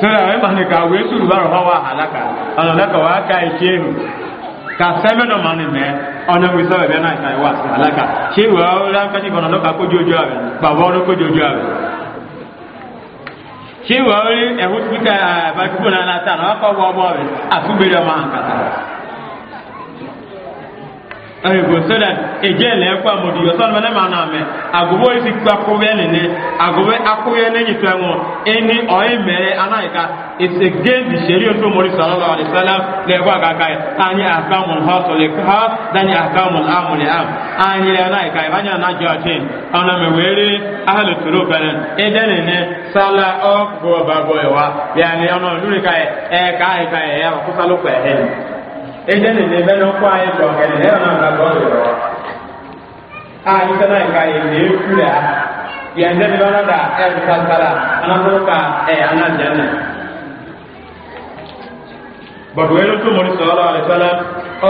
sọ́dọ̀ ka wee ká wé sùúrù bá alaka wá àlákà ọ̀nà ka sẹ́mẹ́ dọ̀ máa ní na ọ̀nà wí sọ́wọ́ ìbẹ́ náà ìtàwé wà sí àlákà ṣé ìwà ọ̀rẹ́ afẹ́ni kan lọ́ka kójú ojú abe bàbá ọ̀rẹ́ kójú ojú àwẹ̀ ṣé ìwà ọ̀rẹ́ ẹ̀hún tìbíkà àbájúbò náà látà náà ego so that ejele ekwa modi yo son na mana me agobo isi kwa kowe nene agobo akowe nenyi twenwo eni oye mere anaika it's against the sharia to mori sallallahu alaihi wasallam le kwa aka ani ahkamul hasal ka dani ahkamul amul am anyị le ọchị ọ na jojin ona me were ahlu turubana edene ne sala ok go baboywa ya ya. ejene ne bɛ no kwa ye bɔ kɛnɛ ne yɛrɛ na bɔ yɔrɔ a yi sɛ na yi e, e, oh, e, ka ye ne ku la yɛn tɛ ne da ɛ sasara ana ka ɛ ana jɛn na bɔtɔ yɛrɛ tó mɔri sɔrɔ ale sɛlɛ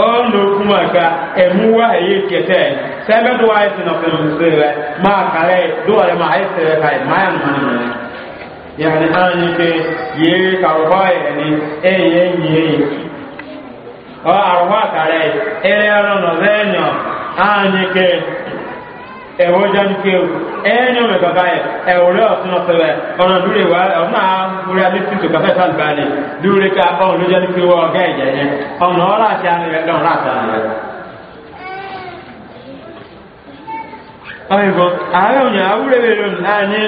ɔn do kuma ka ɛmu wa ye kɛtɛ sɛbɛ do a ye sinɔ fɛn o se rɛ maa kala ye ma a ye sɛbɛ ka ye maa yɛ nɔ ne mɛ yɛrɛ an yi ke ye ka o hɔ ni e ye nyi ọ arụwa kara ere ọrụ e e na enyo anyị ke ewoja nke enyo mekọka ewure ọtún ọsẹwẹ ọ̀nà dúró ìwà ọ̀nà àwùrẹ́ alẹ́sìtò kọfẹ́ sàlùbálẹ̀ dúró ká ọ̀nà ọ̀yìnbó ààrẹ òyìn àwúrẹ́wẹ̀ lónìí ààyè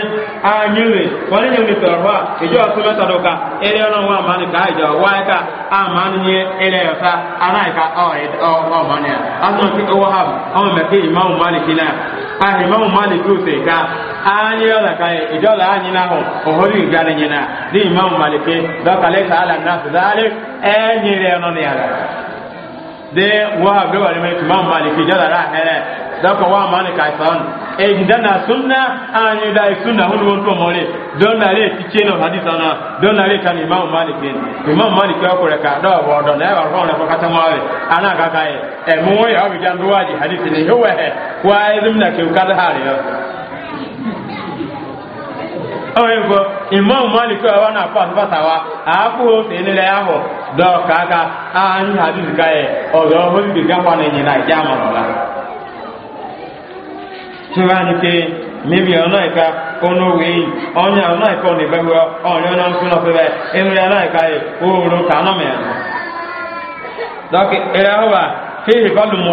rẹ̀ wọ́n a yẹ̀mí tọ̀rọ̀ ìjọ ọ̀sùn mẹ́tàdọ́ka ẹ̀rẹ́ ọ̀nà wọn àmà nìka ìjọ ha ka ìjọba ààyè náà ọ̀hórí na yẹn náà ní ìmáwù máàlìkì dọ́kàlẹ́sà alàǹdà de wahab e da wani mai imam maliki jada ra hele da ko wa mani kai san e gidana sunna an da sunna won don na re ti cheno hadisa na don na re kan imam maliki imam maliki ko re ka do wo do na ba e ron re ko ana ka e, e mu ya bi jan do hadisi he wa na ke ka da o imam na pa ba ta ya dɔɔ k'a ka aa n e. e e, k'a ye ɔ yɔrɔ holi bi gafa ne ɲinɛ a jaa ma nɔ la. tubaani ke mibi ɔnɔ yi ka ɔnɔ wei ɔnyɛ ɔnɔ yi ka ɔnɔ bɛ wɛ ɔnyɛ ɔnɔ nsúlɔ fɛbɛ emiri ɔnɔ yi ka k'anɔ mɛ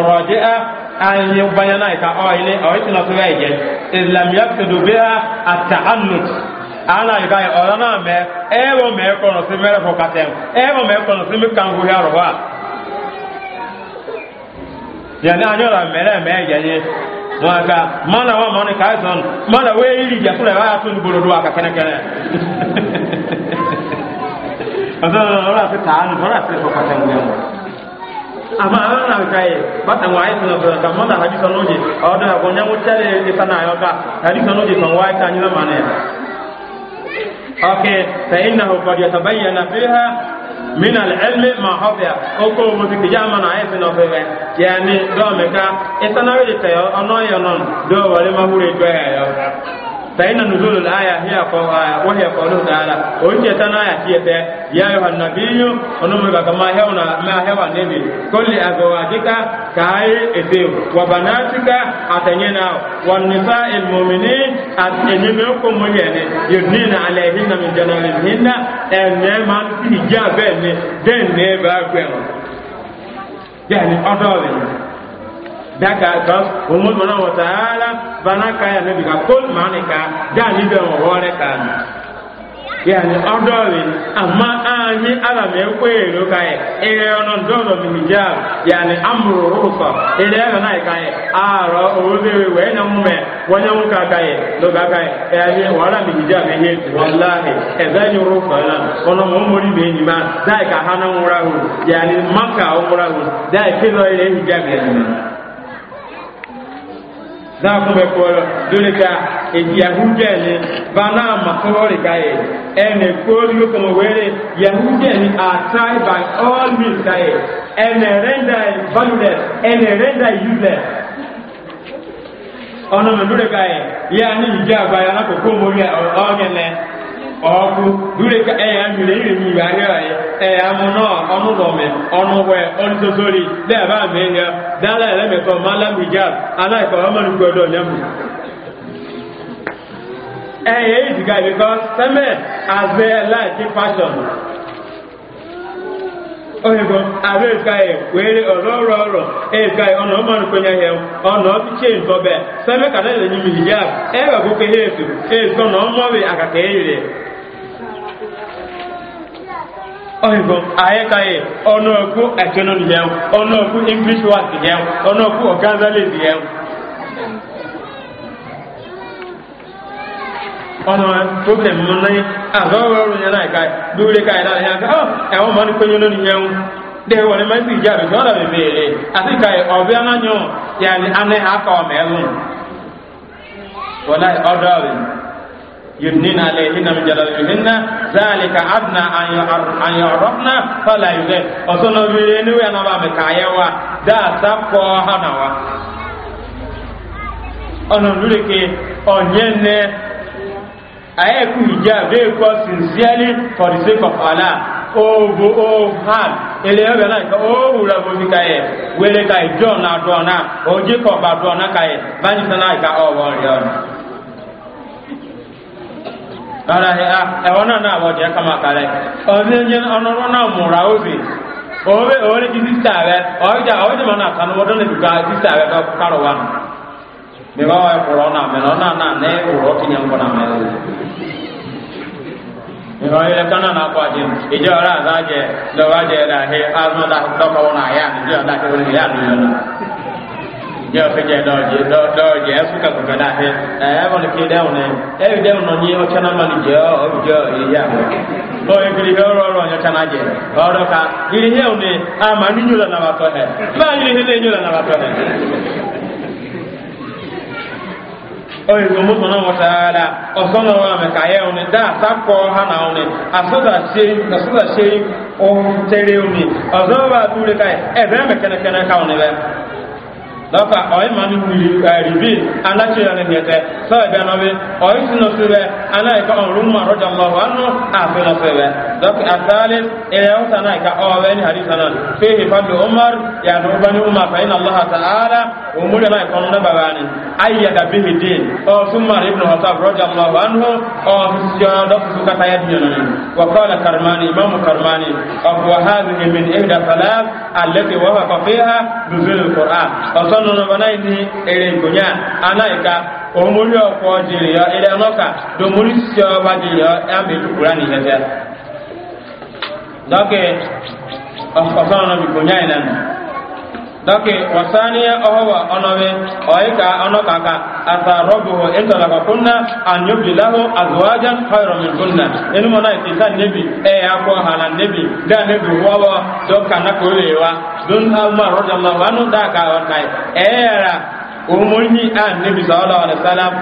wa fihi a anyi banyana yi ka ɔyili ɔyitulɔ fɛbɛ a ata ana yuga ya na mẹ ẹwọ mẹ kọrọ sí mẹrẹ fọ katẹm ẹwọ mẹ kọrọ sí mi kan gbóhẹ ọrọ wa yẹni anyọ la mẹrẹ mẹ yẹnyẹ ka mana wa mọ ni kaa sọn mana wo eyiri ya kúrẹ wàá tún bolo do wa ka ama ala na ka ye bata wa ayi na ka hadisa ko san'a hadisa wa ka ọkẹ fẹ̀yìn náà kọjọ tàbáyà náà fi ha min al'ilmi ma hafiya oko wofi kija mana ayi fi nɔfɛ fɛ yanni dɔw mi ka isanawe de tɛ ɔnɔ yɛ nɔn dɔw wale ma hure dɔ yɛ yɔ. فإن نزول الآية هي وهي قوله تعالى وإن تنا يأتي يا أيها النبي ونمك كما هنا ما هو النبي كل أزواجك كاي إسيو وبناتك أتنينا والنساء المؤمنين أتنينكم مليان يدنين عليهن من جنابهن أن من تجابن دين نبأ يعني أدري daka kan omo mana wa taala bana ka ya nabi ka kol mane ka da ni be o wore ka yani ọdọ rẹ àmọ anyị ala m ekwe ero ka ya ere ọnụ ndọrọ mihijab yani amụrụ rụsọ ere ere na ka ya arọ obere wee nye mmụme wanye nwoke aka ya n'oge aka ya ehe wara mihijab ehe wallahi ebe anyị rụsọ ya ọnụ ma ụmụrụ ibe enyi ma dai ka ha na nwụrụ ahụ ni maka ọ nwụrụ ahụ dai pịlọ ire hijab ya na ko be ko dole ka e yahude bana ma ko ka e ene ko lu ko mo were yahude are tried by all means ka e ene render valueless ene render useless ọ̀nà mẹ́lúrẹ́ ká ẹ̀ yẹ́ àní ìjẹ́ àgbáyé alákòókò mórí ọ̀gẹ́lẹ́ ọkụ dureka e ya. mìíràn ìrìn mi ìwà rí ọ̀yẹ́ ẹ̀yà mú náà ọnú lọ́mẹ̀ ọnú wẹ̀ ọdún sórí dẹ́ẹ̀bá ma ẹ̀yà dáadáa ẹlẹ́mẹ̀kọ́ málámù ìjáàb aláìkọ̀ ọmọ nìkú ọdọ̀ ọ̀nyẹ́mù ẹ̀yà e èyí e dìgà ìbíkọ́ sẹ́mẹ̀ àzẹ́ láìsí fashion oyibo abe kai were ọrọ ọrọ ọrọ ọ ọnà ọmọnù kwenye ihe ọnà ọbịchie ntọbe sẹmẹ ka ìlẹ nyimi hijab ẹwà gbogbo ihe efu efu ọnà ọmọbi akaka eyiri oyibo ayẹkai ọnà ọkụ ẹtẹnọ ya ọnà ọkụ english word nìyẹn ọnà ọkụ ọganza lè ọmọ problem mu ní àgọ́rọ̀ ọ̀rọ̀ yẹn láìka dúró ká ìlànà yẹn ká ẹ̀wọ̀n ọ ma fi ìjà bìtì ọ̀dà bèbè rẹ̀ àti ka ọ̀bẹ anányọ yàrá anẹ́ aka ọmọ ẹ̀rùn wọlé ọ̀dọ́ rẹ̀ yudnina alayhinna min jalabihinna zalika adna an na ba me sa ke ayeku hijab dey call sincerely for the sake of allah ogo o hard ele oge ah, na nke o wura bobi ka ye were ka ye john na na o jacob adọ na ka ye banyisa na ka ọ bụ nri ọnụ ara he ẹwọn náà náà wọ jẹ kama kalẹ ọdún ẹni náà múra obi òwe òwe ní ti sísá rẹ ọjà ọjà náà kanu ti wa nù. me ba wa kuro na me no na na ne kuro ki nyam ko na me me ba ile kana na kwa je ijo ra za je lo wa je da he a no da do ko na ya ni jo da ke ni ya ni na je fe je do je do do je su ka ko he e ba ni ki da un ne e bi da un no ni o kana ma ni je o bi jo ya ko e kiri ko ro ka iri nye un ne a nyu la na ba to oyin ko musu na wata ala ọsọna wa mẹ ka yẹ ọni da sakọ ha na ọni asọda se asọda se ọhún tẹrẹ ọni ọsọna wa dúró ka yẹ ẹbẹ mẹ kẹnẹkẹnẹ ka ọni bẹ dɔnka ɔyɛ maa mi wuli ribi ala tse yɛrɛ ŋɛtɛ sɛbɛ bɛ nɔbi ɔyɛ sinɔ sɛbɛ ala yi ka ɔrun ma rɔja lɔ wa nɔ a fɛnɛ sɛbɛ dɔnka a taalen ɛyɛ o ta n'a yi ka ɔbɛ ni hali sanna fehi fadu umar yadu bani umar fa ina allah ta'ala o mu de n'a kɔnɔ ne ba baani ayi yada bihi den ɔ sumar ibn hasab rɔja lɔ wa nɔ ɔ siyɔn dɔ fusu ka taa yɛ diɲɛ nɔ wa kɔɔla karimani imamu karimani ɔ wa haazi min ihda salat sɔnɔnɔ bana yi ere nkonya ana yi ka omori ɔkɔ jiri yɔ ele ɔnɔka domori sɔ ba jiri na ɛmɛ tukura ni hɛtɛ dɔke ọdụ bi nkonya dɔki wasaniya ɔhɔwa ɔnɔbi ɔyika ɔnɔkaka asa rɔbuhu ɛsɛlaka kunna anyubilahu azuwajan hɔyɔrɔmi kunna enumɔna ɛsisa nebi ɛyɛ akɔ hana nebi da e nebi wɔwɔ dɔkana kore wa dun hama rɔdɔlɔ daka ɔkai ɛyɛra e omoni anabi sallallahu alaihi wasallam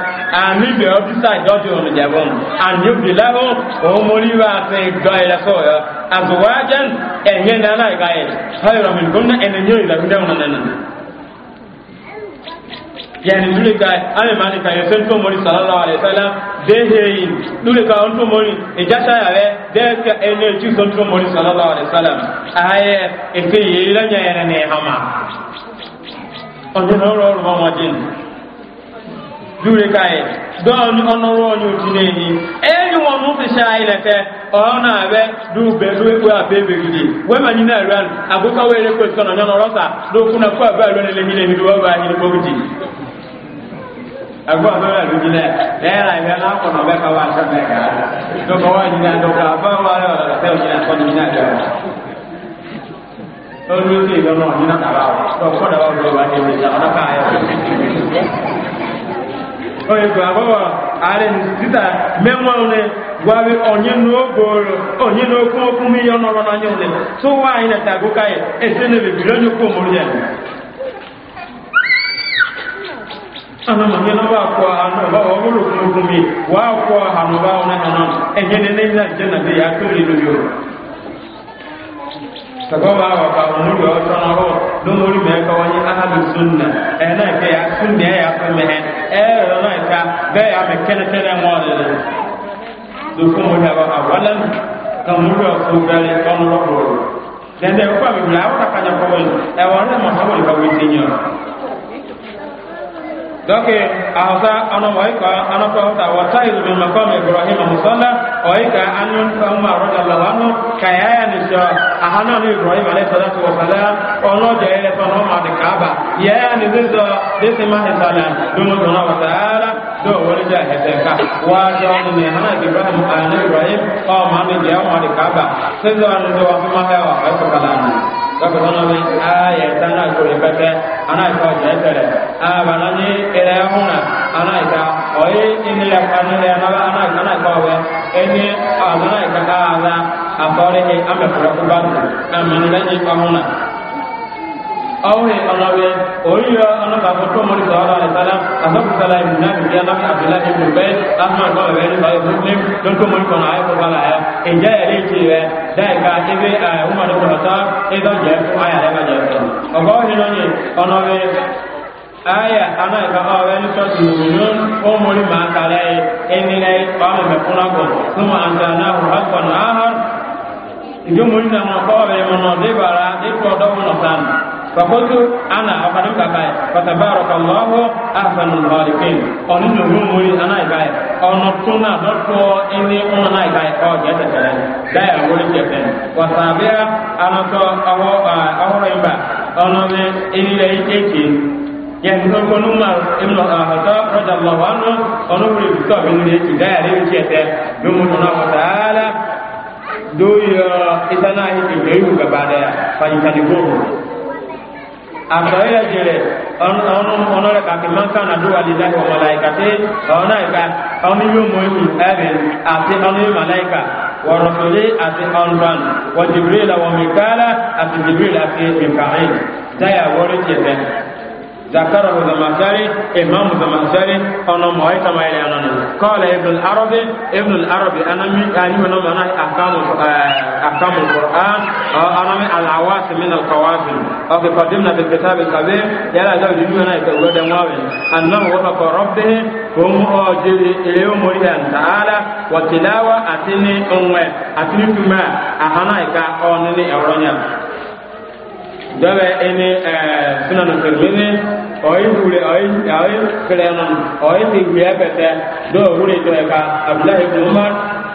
ami be ofisa jojo onu jabon an yubdi lahu omoni wa se gaira so ya azwajan enye na na gaye hayra min kunna enye ila nda ona na yani dule ka ale mani ka yesen to mori sallallahu alaihi wasallam de heyi dule ka on to mori e jata ya we de ka ene chi son to mori sallallahu alaihi wasallam aye e ke yela nya yana ne hama ọ̀nà ọ̀rọ̀ ọ̀rọ̀ ọmọ jẹ́ lúre káyẹ̀ dọ́ọ̀nù ọ̀nọ̀rọ̀ ọ̀nà òjì n'èyí ẹ̀yìn wọn mú fi ṣáà ilẹ̀fẹ́ ọ̀rọ̀ náà bẹ́ lúbẹ̀ lóòpẹ́ àbẹ́bẹ̀ gidi wẹ́mà ní náà rẹ̀ àgbókáwé eré pẹ̀lú ọ̀nà na ọ̀rọ̀ta lókùnà fún àbẹ́ àlọ́ nílé nílé nílé wọ́n bá nílé gbógidì àgbó àbẹ́rẹ́ onye sí ìlọ́nà nínú àbá ọ̀pọ̀dà wà lọ́wọ́ àti ìrìnjà ọ̀nàkà ayọ̀. Oye gba bọ́wọ̀ ààrẹ títà mẹ́wọ́n ní gbáwé ọ̀nyẹ́ ní ó sagoba wa ka umuri wa tonoro no muri me ka wani ahlu sunna eh, na ke ya sunna eh, ya ko me na e na ka be ya me kene tere mo de do ko mo da wa awalan ka muri wa ko gale tonoro ko den de ko mi la wa ka nya ko wani e wa na ma ka ka wi donc ahasa ana waika ana ko ta wata ilu min maqam ibrahim musalla waika anun kama radallahu anhu kayaya ni sha ahana ni ibrahim alayhi salatu wa salam ono je ile to no ma de kaaba ya ni zizo desi ma hisalan dumu dona wa taala do wori ja heteka wa do ni hana ibrahim ana ibrahim ko ma ni je ma de kaaba sizo ni do wa ma hawa ko kalani waka bana mi a yɛ ta na kuli pɛtɛ ana ka jɛ tɛrɛ a bana ni ɛrɛ huna ana ka o ye ini la ka ni lɛ naba ana ka na ka wɛ ɛni a ah, nana ka a la uh, a kɔri he an bɛ kura kuba a mani la ni ka huna aure anabe oyiya anaka foto mori sallallahu alaihi wasallam asabu sallallahu alaihi wasallam ya nabi na ibn bayt ahmad ko be ni bayo muslim don mori kono ay ko ya e ti re dai ka ebe umar ibn khattab e do je ko aya le ba ni ka awe ni to du o mori ma kale eni le ba me kuna ko kuma antana ijo mori na ko de bara de فقلت انا افضل كاي فتبارك الله احسن الخالقين ان نجوم مري انا كاي ان نتنا دتو اني انا كاي او دا يقول انا تو او او ريبا اني ma ɛmɛ ɔhɔtɔ rɔdza ma wa nɔ ɔnu bi wuli eti da yari wuli ɛtɛ bi mu do itana ti akɔyɛ jɛrɛ ɔnɔ rɛ kake man kan na do alila yi malayika te ɔnɔ yi ka ɔni yi mɔ yi ɛri ati ɔni yi malayika wɔrɔsoli ati ɔnban wɔ jibiri la wɔ mikala ati jibiri la ati mikaɛl daya wɔri jɛrɛ. ذكره زمخشري إمام زمخشري أنا مهيت ما إلي أنا قال ابن العربي ابن العربي أنا من أنا من أنا أحكام أحكام القرآن أنا من العواصم من القواسم أوكي قدمنا بالكتاب الكبير يلا ذا جميعنا يتوجد ماوين أنه وفق ربه هم أجل اليوم تعالى وتلاوة أتني أمه أتني كما أهنا إكا أونني أورانيا dɔbɛ ɛni ɛɛ sunanu tɛgbɛni ɔyi wuli ɔyi ɔyi filɛnu ɔyi ti wuli ɛfɛtɛ dɔw wuli dɔɛ ka abudulayi bin umar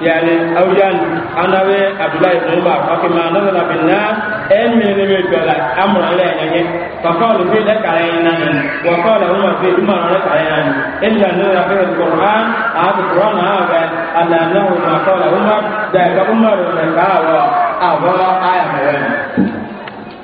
yaani awujan anabi abudulayi bin umar ɔkima anabi na bin naa ɛn mi ni mi dɔla amuna lɛ ɛnyɛ kɔkɔɔlu fi lɛ kala yɛn nani wɔkɔɔlu umar fi umar lɛ kala yɛn nani ɛnna nana na fi hɛ kur'an aafi kur'an naa bɛ alanahu ma kɔɔlu umar dɛ ka umar lɛ kaa wɔ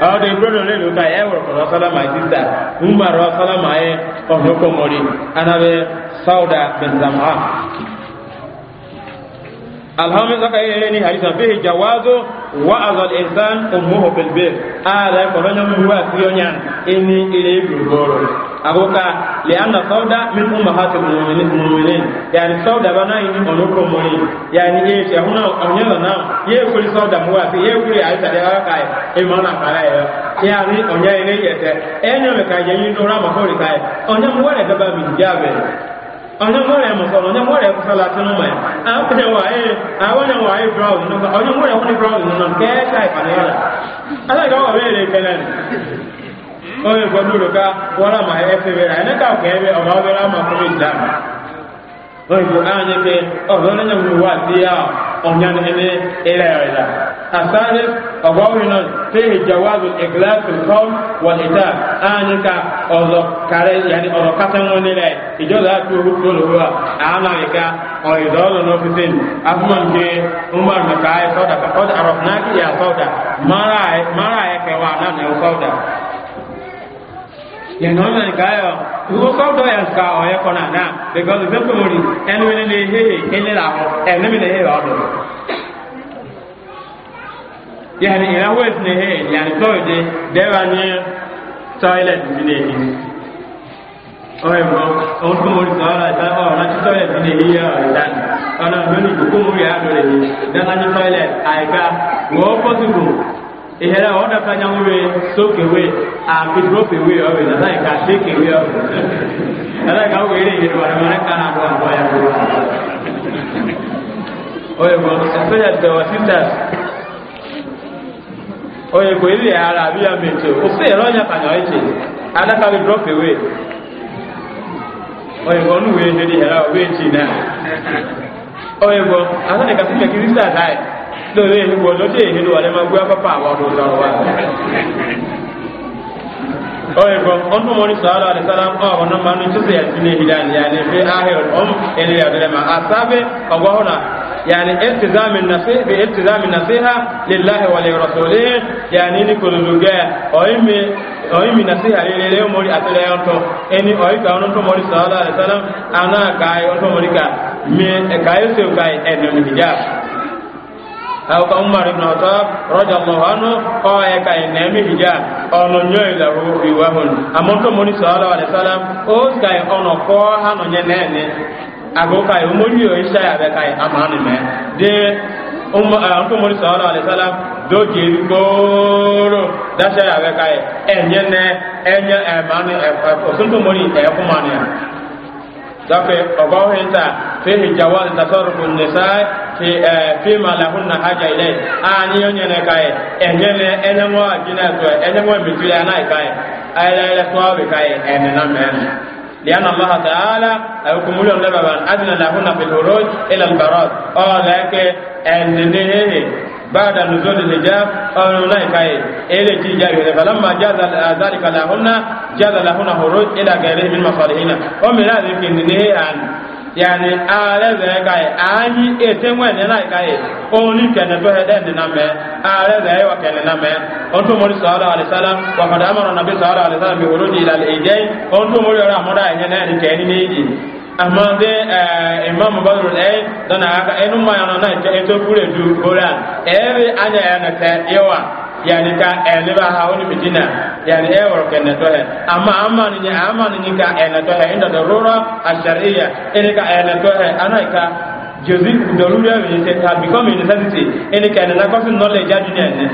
ọ dị brọdọ na elu ka ya were kọrọ ọsala ma sista mgbara ọsala ma ya ọhụkọ mọri anabe sauda bin zamha alhamis aka yi yare ni hadisan fihi jawazo wa azal insan umuhu bil bir ala kọrọ nyọ mbuwa tiyo nyan ini ile ibu gboro agoka lianna sauda min ummahatil mu'minin yani sauda bana yi ono ya yani e huna onyela na ye ko sauda mu ya na da e mana ya yani onya ile yete enyo me ka ye ni do rama ko ka onya mu wale baba jabe onya onya sala mai a ko wa e a wa e brown no onya ko ni brown no ke ala ga wa onye gwadoro ka wara ma efebere anyị ka ka ebe ọ ọba obere ama kọrọ islam onye bụ anyị ke ọbụrụ nye nwere uwe dị ya ọnya na ene ere ọrịa asari ọba obere nọ fehi jawazul iglas kom wal ita anyị ka ọzọ kare yani ọzọ kata nwa nere ijọza atụ ohu tolo wa anaghị ka ọrịa ọzọ n'ọfịsị afụma nke umar na ka anyị sọda ka ọda arọfnaki ya sọda mara anyị kewa na na sọda ya no na ka yo ko ko do ya ka o ya ko na na because the story en we le he ele la ho en me le he o do yani ila wes ne he yani so de de wa ni toilet bi ne ni o e mo o ko mo ta ra ta o na ti toilet bi ne hi ya da ana no ni ko mo ya do le ni da na ni toilet ai ka ìhẹrẹ ọ dàka nyanwó wẹ sókè wẹ àfi dúrópì wẹ ọwẹ nàdá ìka sékè wẹ ọwẹ nàdá ìka wọ eré ìyẹn wọn wọn ká ya kó wọn. oye ko especially to our sisters oye ko ilé ara àbí ya mètò òfé ẹ̀rọ ọ̀nyà kànyà ọ̀yẹ́tì adaka wẹ dúrópì wẹ oye ko ọ̀nù wẹ ẹ̀dẹ̀ ìhẹrẹ ọ̀wẹ́ ẹ̀tì náà oye ko àtàlẹ̀ kàtúkẹ̀ so ne hin gwono te hin wale ma gwa papa wa do zaro wa oye ko on mo ni sala ala salam o wono ma ni tuse ya tine hidan ya ne fe ahir um ele ya dole ma asabe ko gwa hola yani iltizam an-nasiha bi iltizam an-nasiha lillahi wa li rasulih yani ni kululuga oyimi oyimi nasiha ile ile mori atele yonto eni oyika onto mori sala ala salam ana kai onto mori ka mi kai se kai enu ni hijab awuka umar ibn khattab radiyallahu anhu o ya ka ne mi hija ono nyoy la ro iwa hun amonto moni sallallahu alaihi wasallam o ka ono ko ha no nye ne ne agoka yo moni yo isa ya be amani me de um eh, anto moni sallallahu alaihi wasallam do je goro da sa ya amani e ko sunto e ko donc ogon hinta fihi jawaz tasarrufu nisaa fi eh, fi ma lahunna haja ilay ani ah, yo nyene kai enyene eh, enemo eh, ajina to enemo mitu ya nai kai ayla ila swabe kai enena men لأن الله تعالى أوكم لهم لبابا أذن لهن في الخروج إلى البراد أو ذاك أن نهيه بعد نزول الحجاب أو نلاقي إلى تجاه فلما جاز ذلك لهن جاز لهن خروج إلى غيره من مصالحهن ومن ذلك النهي عن yani ààrẹ rẹ̀ ka yẹ ààyè ètẹ́wọ̀n ní láì ka yẹ òní kẹ̀nẹ̀ tó hẹ́ dẹ́ẹ̀dì náà mẹ́ ààrẹ rẹ̀ wà kẹ̀nẹ̀ náà mẹ́ ohun tó mọ̀rí sọ̀rọ̀ àlẹ́sálá wàhùdà àmọ̀ràn nàbí sọ̀rọ̀ àlẹ́sálá mi òrò di ìlàlẹ̀ ìjẹ́ ohun tó mọ̀rí ọ̀rọ̀ àmọ́dá ẹ̀yẹ náà ní kẹ́ẹ̀ méjì amma de imam badrul ay dana aka enu ma yana na ke eto kure du bora ebe anya yana ta yawa yani ka ele ba ha woni medina yani e wor ken to he amma amma ni amma ni ka ele to he inda darura ash-shar'iyya ele ka ele to he anaika jozi udolure we se ka become a necessity ele ka na cause knowledge adunene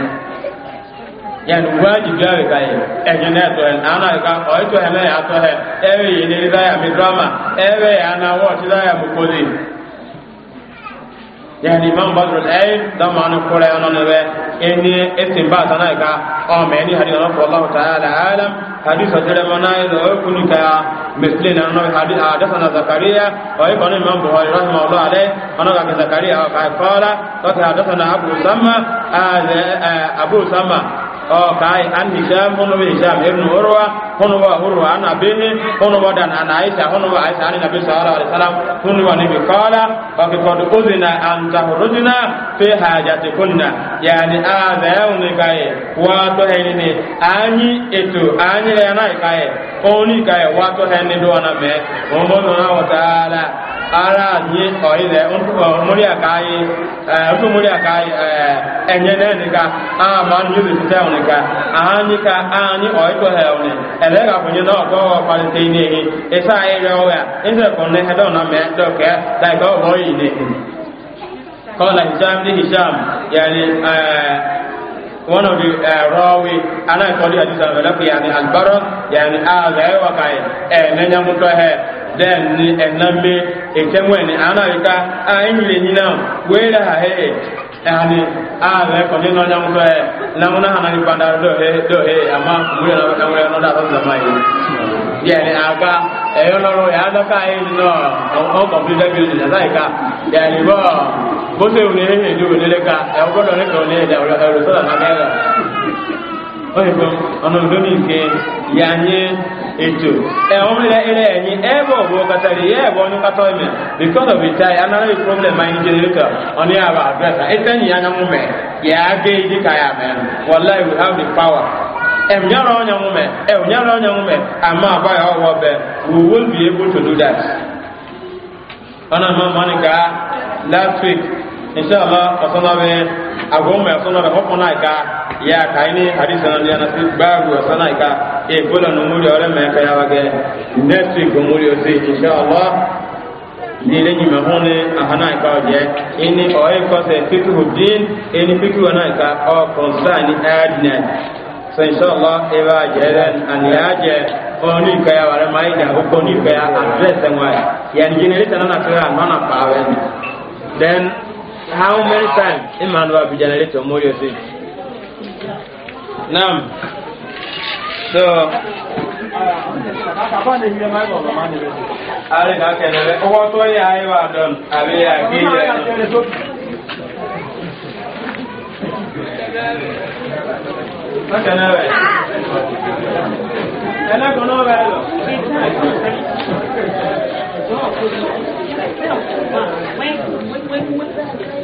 yani wajibi awe ka ye ɛnyɛ ne tɔ ye ana ka ɔye tɔ hɛmɛ ya tɔ hɛ ɛwɛ yi ne da ya mi drama ɛwɛ ya na wɔ ti da ya mi koli yani imam badru ɛyi dama ni kura yɔnɔ ne bɛ ɛni ɛsin ba sana ka ɔ mɛ ni hadi yɔnɔ fɔlɔ ta ya la alam hadi sɔ tere mɔ n'a ye dɔ o kunu ka misili na nɔ hadi a dɛsɛ na zakariya ɔye kɔni imam buhari rahima ɔlɔ ale ɔnɔ ka kɛ zakariya ɔ ka kɔla tɔ kɛ a na abu sama eh, eh, abu sama ọ oh, kai an hisham ibn umm hisham ibn hono wa huru ana abihi hono wa dan an aisha hono wa aisha an nabi sallallahu alaihi wasallam hono wa nabi qala fa bi qad uzina an tahrujna fi hajatikunna yani adha yawmi kai wa to henini anyi eto anyi le na kai oni kai wa to henni do na me mo mo na wa taala ara ni ọ̀ilẹ̀ ọmọrí àkáyé ọdúnmọrí àkáyé ẹ̀yẹn náà nìka a máa ní yóò fi tẹ́ òun nìka a ní ka a ní ọ̀ẹ́tọ̀ ẹ̀ òun ɛbɛ ka fɔ nye dɔw kɔ kɔli te ne ye esa ye yɔ wɛ n tɛ kɔn ne hɛ dɔw na mɛ dɔw kɛ da yi ka o bɔ yi ne kɔla hisham ni hisham eh, yani ɛɛ. one of the uh, rawi ana ikoli hadith ala bala fi yani albaro yani aza e wakai e nenya muto he then ni enambe etemwe ni ana ika a inyi e le nyina wera he yani awe ko ni nonya mu be na muna hana ni panda do he do he ama mu na ka mu na da ba da mai yani aga e yo no ro do ka e no o complete bi ni da ka yani bo bo se u he do ni le ka e o go do ni ko ni da o ro so da na ka oyinbo ọnọdụ nke ya nye eto ẹ wọn lẹ ilẹ ẹyin ẹ bọ bọ katari yẹ ẹ bọ ọnyún because of it i anara a problem ayin generator ọni àbá address ẹ sẹni yà nyàmú mẹ yà á gé ìdí ká yà mẹ wàllayi we have the power ẹ nyàrá ọnyàmú mẹ ẹ nyàrá ama mẹ àmọ àbáyọ we be able to do that last week agoma ya sunna da hokuna ka ya kai ni hadisa na ya nasi babu ya sana ka e bola no muri ore me ka ya wage nesi go muri o se insha Allah ni le ni mahone ahana ka je ini o e ko se fitu din ini fitu na ka o concern adnan so insha Allah e ba jeren an ya je oni ka ya ware mai da ko ni ka ya address en wa ya ni generation na na ka na pa then how many times Imanu Abu generator Mori of it? Nam. So. Ale ka kẹlẹ lẹ, ọwọ́ tó yẹ ayé wa dọ̀n, àbí àgbé yẹ dọ̀n. Lọ́kẹ̀lẹ̀ rẹ̀, ẹlẹ́kùn náà bẹ̀rẹ̀ lọ. Thank you.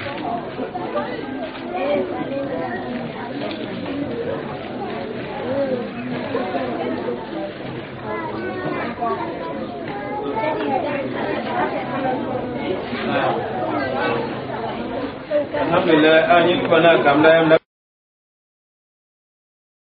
啊！他们来安逸，本来干嘛？